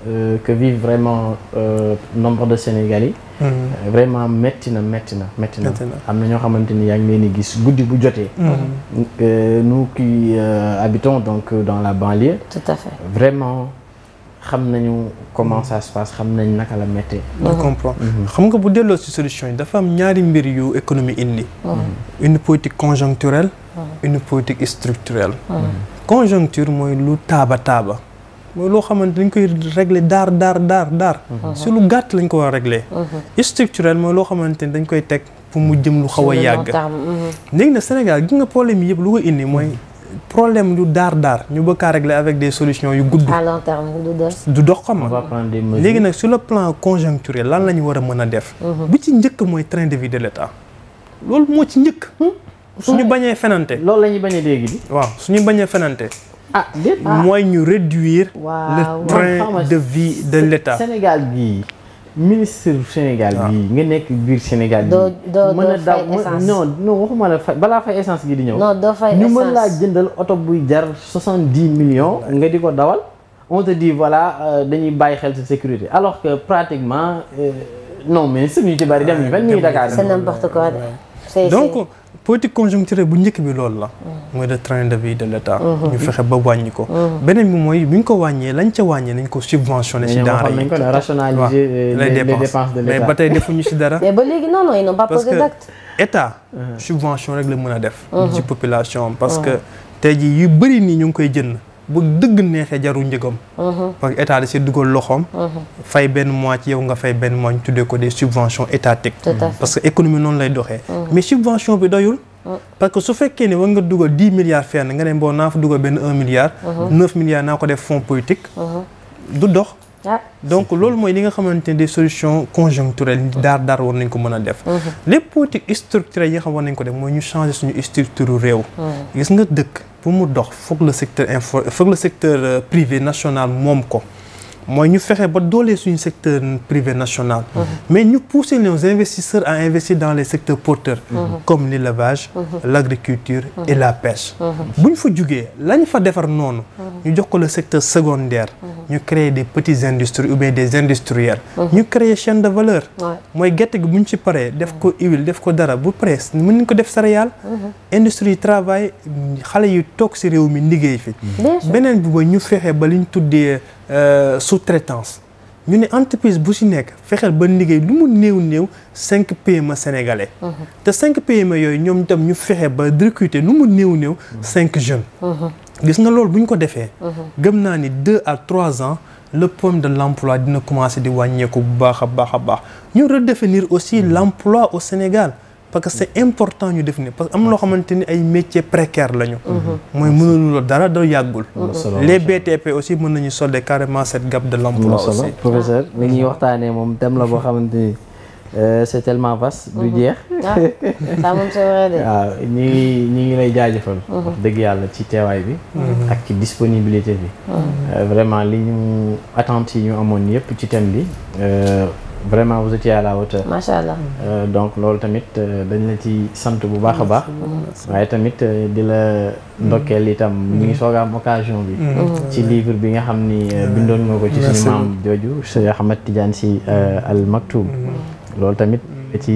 Euh, que vivent vraiment euh, nombre de Sénégalais. Mm-hmm. Euh, vraiment métti na métti na métti na. am na ñoo xamante ni yaa ngi leen ni gis guddi bu jotee. Mm-hmm. nous qui habitons donc dans la banlieue. vraiment. xam nañu comment mm-hmm. ça se passe xam nañ naka la méttee. je comprends xam nga bu delloo si solution yi dafa am ñaari mbir yu économie indi. une politique conjoncturelle. une politique structurelle. conjoncture mooy lu taaba taaba. mooy loo xamante dañ koy régler daar daar daar daar mhm. si lu gàtt lañ ko war a régler mhm. structurel mooy loo xamante ni dañ koy teg pour mu jëm lu xaw a yàgg mhm. léegi na Sénégal gi nga problème yëpp lu ko indi mooy problème yu daar daar ñu bëgg a régler des solutions yu gudd à long terme du dox xam nga léegi nag sur le plan conjoncturel lan la ñu war a mën a def bu ci njëkk mooy train de vie de l'État loolu moo ci njëkk hmm? suñu bañee fenante loolu la ñuy bañee léegi bi waaw suñu bañee fenante Ah, ah mooy ñu réduire. le train de vie de l'État Sénégal gii ministre Sénégal gii ah. nga nekk biir Sénégal gii. doo doo mën a daw non non waxuma la fay balaa fay essence gi di ñëw. non doo fay essence ñu mën jëndal oto buy jar soixante dix millions nga di ko dawal. on te dit voilà euh, dañuy bàyyi xel ci sécurité alors que pratiquement euh, non mais suñu ci bari dem ñu benn ñuy Dakar. c'est n'importe quoi donc. politique conjoncturelle bu njëkk bi loolu la. Mm. mooy le train de vie de l'État. Mm-hmm. ñu fexe ba wàññi ko. Mm-hmm. beneen bi mooy bu ñu ko wàññee lañ ca wàññee nañ ko subventionné. ci denrées yi mais rationaliser euh, les dépenses de l'État mais ba tey defuñu ci dara. [laughs] mais ba léegi non non ils n'ont pas état mm-hmm. subvention rek la mën a def. ci population parce que tey jii yu bëri nii ñu ngi koy jënd. bu dëgg neexee jaru njëgam. Mhm. état da si dugal loxoom. Mhm. fay benn mois ci nga fay benn mois ñu tuddee ko des subventions étatiques. parce que économie noonu lay doxee. Mhm. mais subvention bi doyul. parce que su fekkee ne war nga dugal dix milliards fenn nga ne bon naa fa dugal benn un milliard. neuf milliards naa ko def fonds politique. du dox. Ah. donc loolu mooy li nga xamante ne solution solutions conjoncturelles daar daar war nañ ko mën a def mhm. les politiques structurelles yi nga xam war nañ ko def mooy ñu changer suñu structure réew mhm. gis nga dëkk pour mu dox foog la secteur info foog le secteur euh, privé national moom ko mooy ñu fexe ba doole suñu secteur privé national. Mm -hmm. mais ñu pousser nos investisseurs à investir dans les secteurs porteurs. Mm -hmm. comme l'élevage. Mm -hmm. l'agriculture mm-hmm. et la pêche. Mm-hmm. bu ñu fa jugee lañ fa defar noonu. Mm-hmm. ñu jox ko la secteur secondaire. ñu créer des petites industries ou bien des industriels. ñu créer chaîne de valeur. mooy gerte gi bu ñu ci paree def ko huile def ko dara bu presse mën nañu ko def céréale. industrie yi travail xale yu toog ci réew mi liggéey fi. beneen bi mooy ñu Euh, sous-traitance ñu ne entreprise bu ci nekk fexeel ba liggéey lu mu néew néew cinq PME sénégalais. Mhm. te cinq PME yooyu ñoom itam ñu fexee ba recruter lu mu néew néew cinq jeunes. Mhm. gis nga loolu bu ñu ko defee. Mhm. gëm naa ni deux à trois ans le problème de l'emploi dina commencer di wàññeeku bu baax a baax a baax ñu redéfinir aussi l'emploi au Sénégal. parce que c'est important ñu def nii parce que am loo xamante ni ay métiers précaires lañu. Mhm. Mhm. mooy mënalu dara da yàggul. Mhm. les BTP aussi mën nañu solder carrément cette gamme de l'emploi aussi. professeur li ah. ñuy waxtaanee moom thème la boo xamante ni euh, c'est tellement vaste. du jeex. waaw waaw ñu ngi ñu ngi lay jaajëfal. dëgg yàlla ci teewaay bi. ak ci disponibilité bi. Euh, vraiment li ñu attentes yi ñu amoon yépp ci thème bi. Euh, vraiment vous étiez à la hauteur. allah euh, donc loolu tamit euh, dañ la ci sant bu baax a baax. waaye tamit euh, di la mm-hmm. ndokkeel itam. ñu ngi mm-hmm. soog am occasion bi. Mm-hmm. ci livre bi nga xam ni bindoon nga ko ci suñu maam jooju Cheikh Ahmad Tidiane Sy Al Maktoum. loolu tamit ci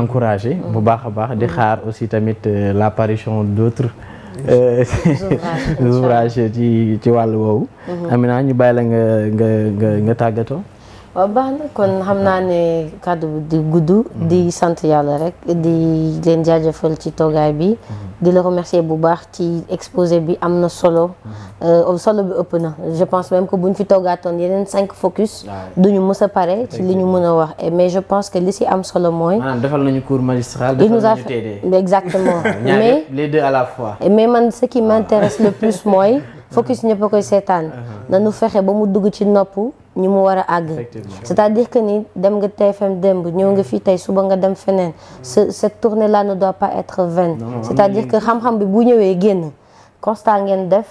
encouragé. bu baax a baax di xaar aussi tamit l'apparition d'autres ouvrages [laughs] ci ci wàll woowu. Amina ñu bàyyi la nga nga nga nga tàggatoo. waaw ba na kon xam naa ne kàddu di gudd mm-hmm. di sant yàlla rek di leen jaajëfal ci toogaay bi mm-hmm. di la remercier bu baax ci exposé bi am na solo mm-hmm. euh, solo bi ëpp na je pense même que buñ fi toogaatoon yeneen cinq focus duñu mës a pare ci li ñu mën a wax mais je pense que li si am solo mooy maanaam defal nañu cours magistral defal nañu TD exactement [laughs] mais les man ce qui ah. m'intéresse le plus [laughs] mooy focus ñëpp a koy seetaan uh-huh. nu fexe ba mu dugg ci nopp ñi mu war a àgg c'est-à-dire que ni dem nga dem démb ñëw nga fii tey suba nga dem feneen ce cette tournée là ne doit pas être vaine c'est-à-dire que xam-xam bi bu ñëwee génn constat ngeen def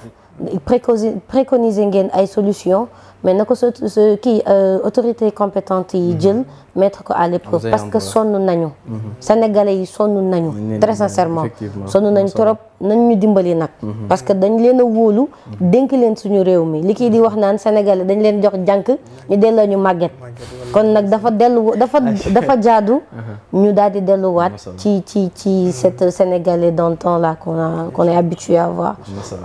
préconiser ngeen ay solution mais na ko sa kii euh, autorité compétente yi mm-hmm. jël mettre ko à l'épreuve parce que sonn nañu mhm. sénégalais yi sonn nañu très sincèrement sonn nañu trop nañ ñu dimbali nag mhm. parce que dañ leen a wóolu mhm. dénk leen suñu réew mi li kii di wax naan sénégalais dañ leen jox jànk ñu delloo ñu màgget kon nag dafa dellu dafa dafa jaadu [laughs] ñu daal di delluwaat ci ci ci cette sénégalais d'antan là qu'on a qu'on est habitué à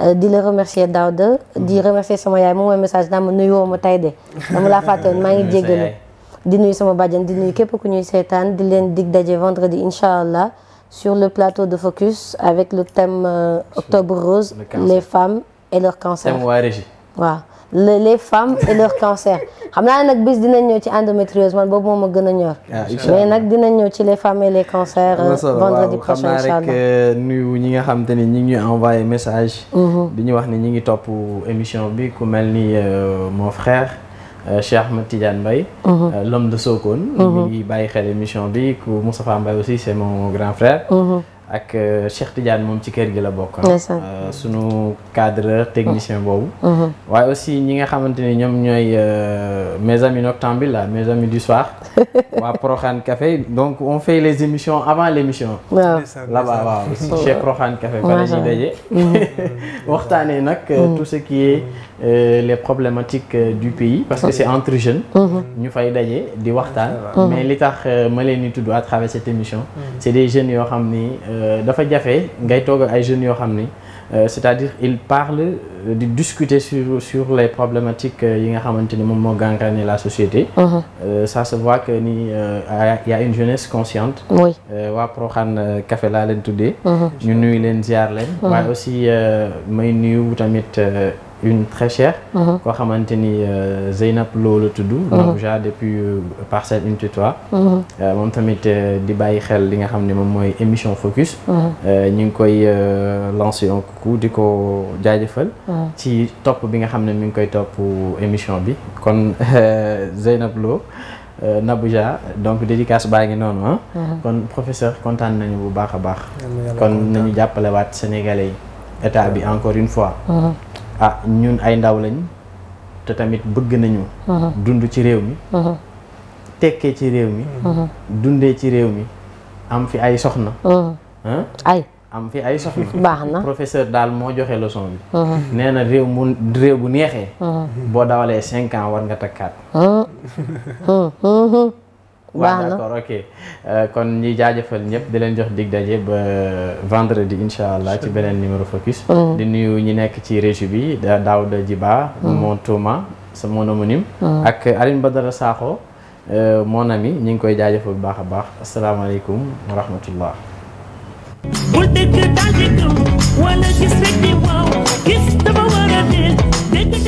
euh, di la remercier Daouda di remercier sama yaay moom mooy message daa ma nuyoo ma tay de dama laa fàtte [laughs] di nuyu sama bàjjan di nuyu képp ku ñuy seetaan di leen dig daje vendredi incha allah sur le plateau de Focus avec le thème euh, Octobre Rose le les femmes et leur cancer. waa Régie. les femmes et cancer xam naa nag bis dinañ ñëw ci endométriose man boobu moom a gën a ñor. Ah, mais nag dinañ ñëw ci les femmes et les cancers. vendredi prochain incha allah xam euh, ñi nga xam te ni ñi ngi ñuy envoyé message. Mhm. di ñu wax ni ñi ngi topp émission bi ku mel ni euh, mon frère. Euh, Cheikh Ahmed Tidiane Mbaye mhm. euh, l'homme de Sokone mhm. mi bàyyi xel émission bi ku Moustapha Mbaye aussi c'est mon grand frère mhm. ak euh, Cheikh Tidiane moom ci kër gi la bokk sunu cadreur technicien boobu waaye aussi ñi nga xamante ni ñoom ñooy mes amis noctambules là mes amis du soir [laughs] waa Proxaan Café donc on fait les émissions avant l'émission là-bas waaw aussi chez Café fa la ñuy [laughs] waxtaanee nag tout ce qui est Euh, les problématiques euh, du pays parce que c'est entre jeunes mhm. ñu fay daje di waxtaan mhm. mais li tax euh, ma leen di tudd à travers cette émission mhm. c'est des jeunes yoo xam ni dafa jafe ngay toog ay jeunes yoo xam ni c'est-à-dire ils parlent di discuter sur sur les yi nga xamante ni moom moo gangrène la société ça se voit que ni y a une jeunesse consciente waa Proxaan Café laa leen tuddee ñu nuyu leen ziar leen waaye aussi may nuyu tamit une très chère. Uh-huh. koo xamante ni euh, Zeynab Lo la tudd. Uh-huh. Nabouja depuis parcelle unité 3. moom tamit euh, di bàyyi xel li nga xam ne moom mooy émission focus. Uh-huh. Euh, ñu ngi koy lancer un coucou di ko jaajëfal. ci topp bi nga xam ne mi ngi koy topp émission bi kon Zeynab Lo. Nabouja donc dédicace baa ngi noonu ah. kon professeur kontaan nañu bu baax a baax. kon nañu jàppalewaat Sénégalais yi état bi encore une fois. ah ñun ay ndaw lañ te tamit bëgg nañu uh-huh. dund ci réew mi uh-huh. tekkee ci réew mi uh-huh. dundee ci réew mi am fi ay soxna ay am fi ay soxna [laughs] baax na professeur daal moo joxe leçon bi nee na réew mu réew bu neexee boo dawalee cinq ans war nga takkaat baax na d'accord ok euh, kon ñi jaajëfal ñëpp di leen jox dig daje ba vendredi incha allah ci beneen numéro focus. Mm. di nuyu ñi nekk ci régie bi daaw da Djiba. Mm. mon Touma sa mon homonyme. Mm. ak Aline Badara Sakho euh, mon mi ñu ngi koy jaajëfal bu baax a baax asalaamaaleykum wa rahmatullah.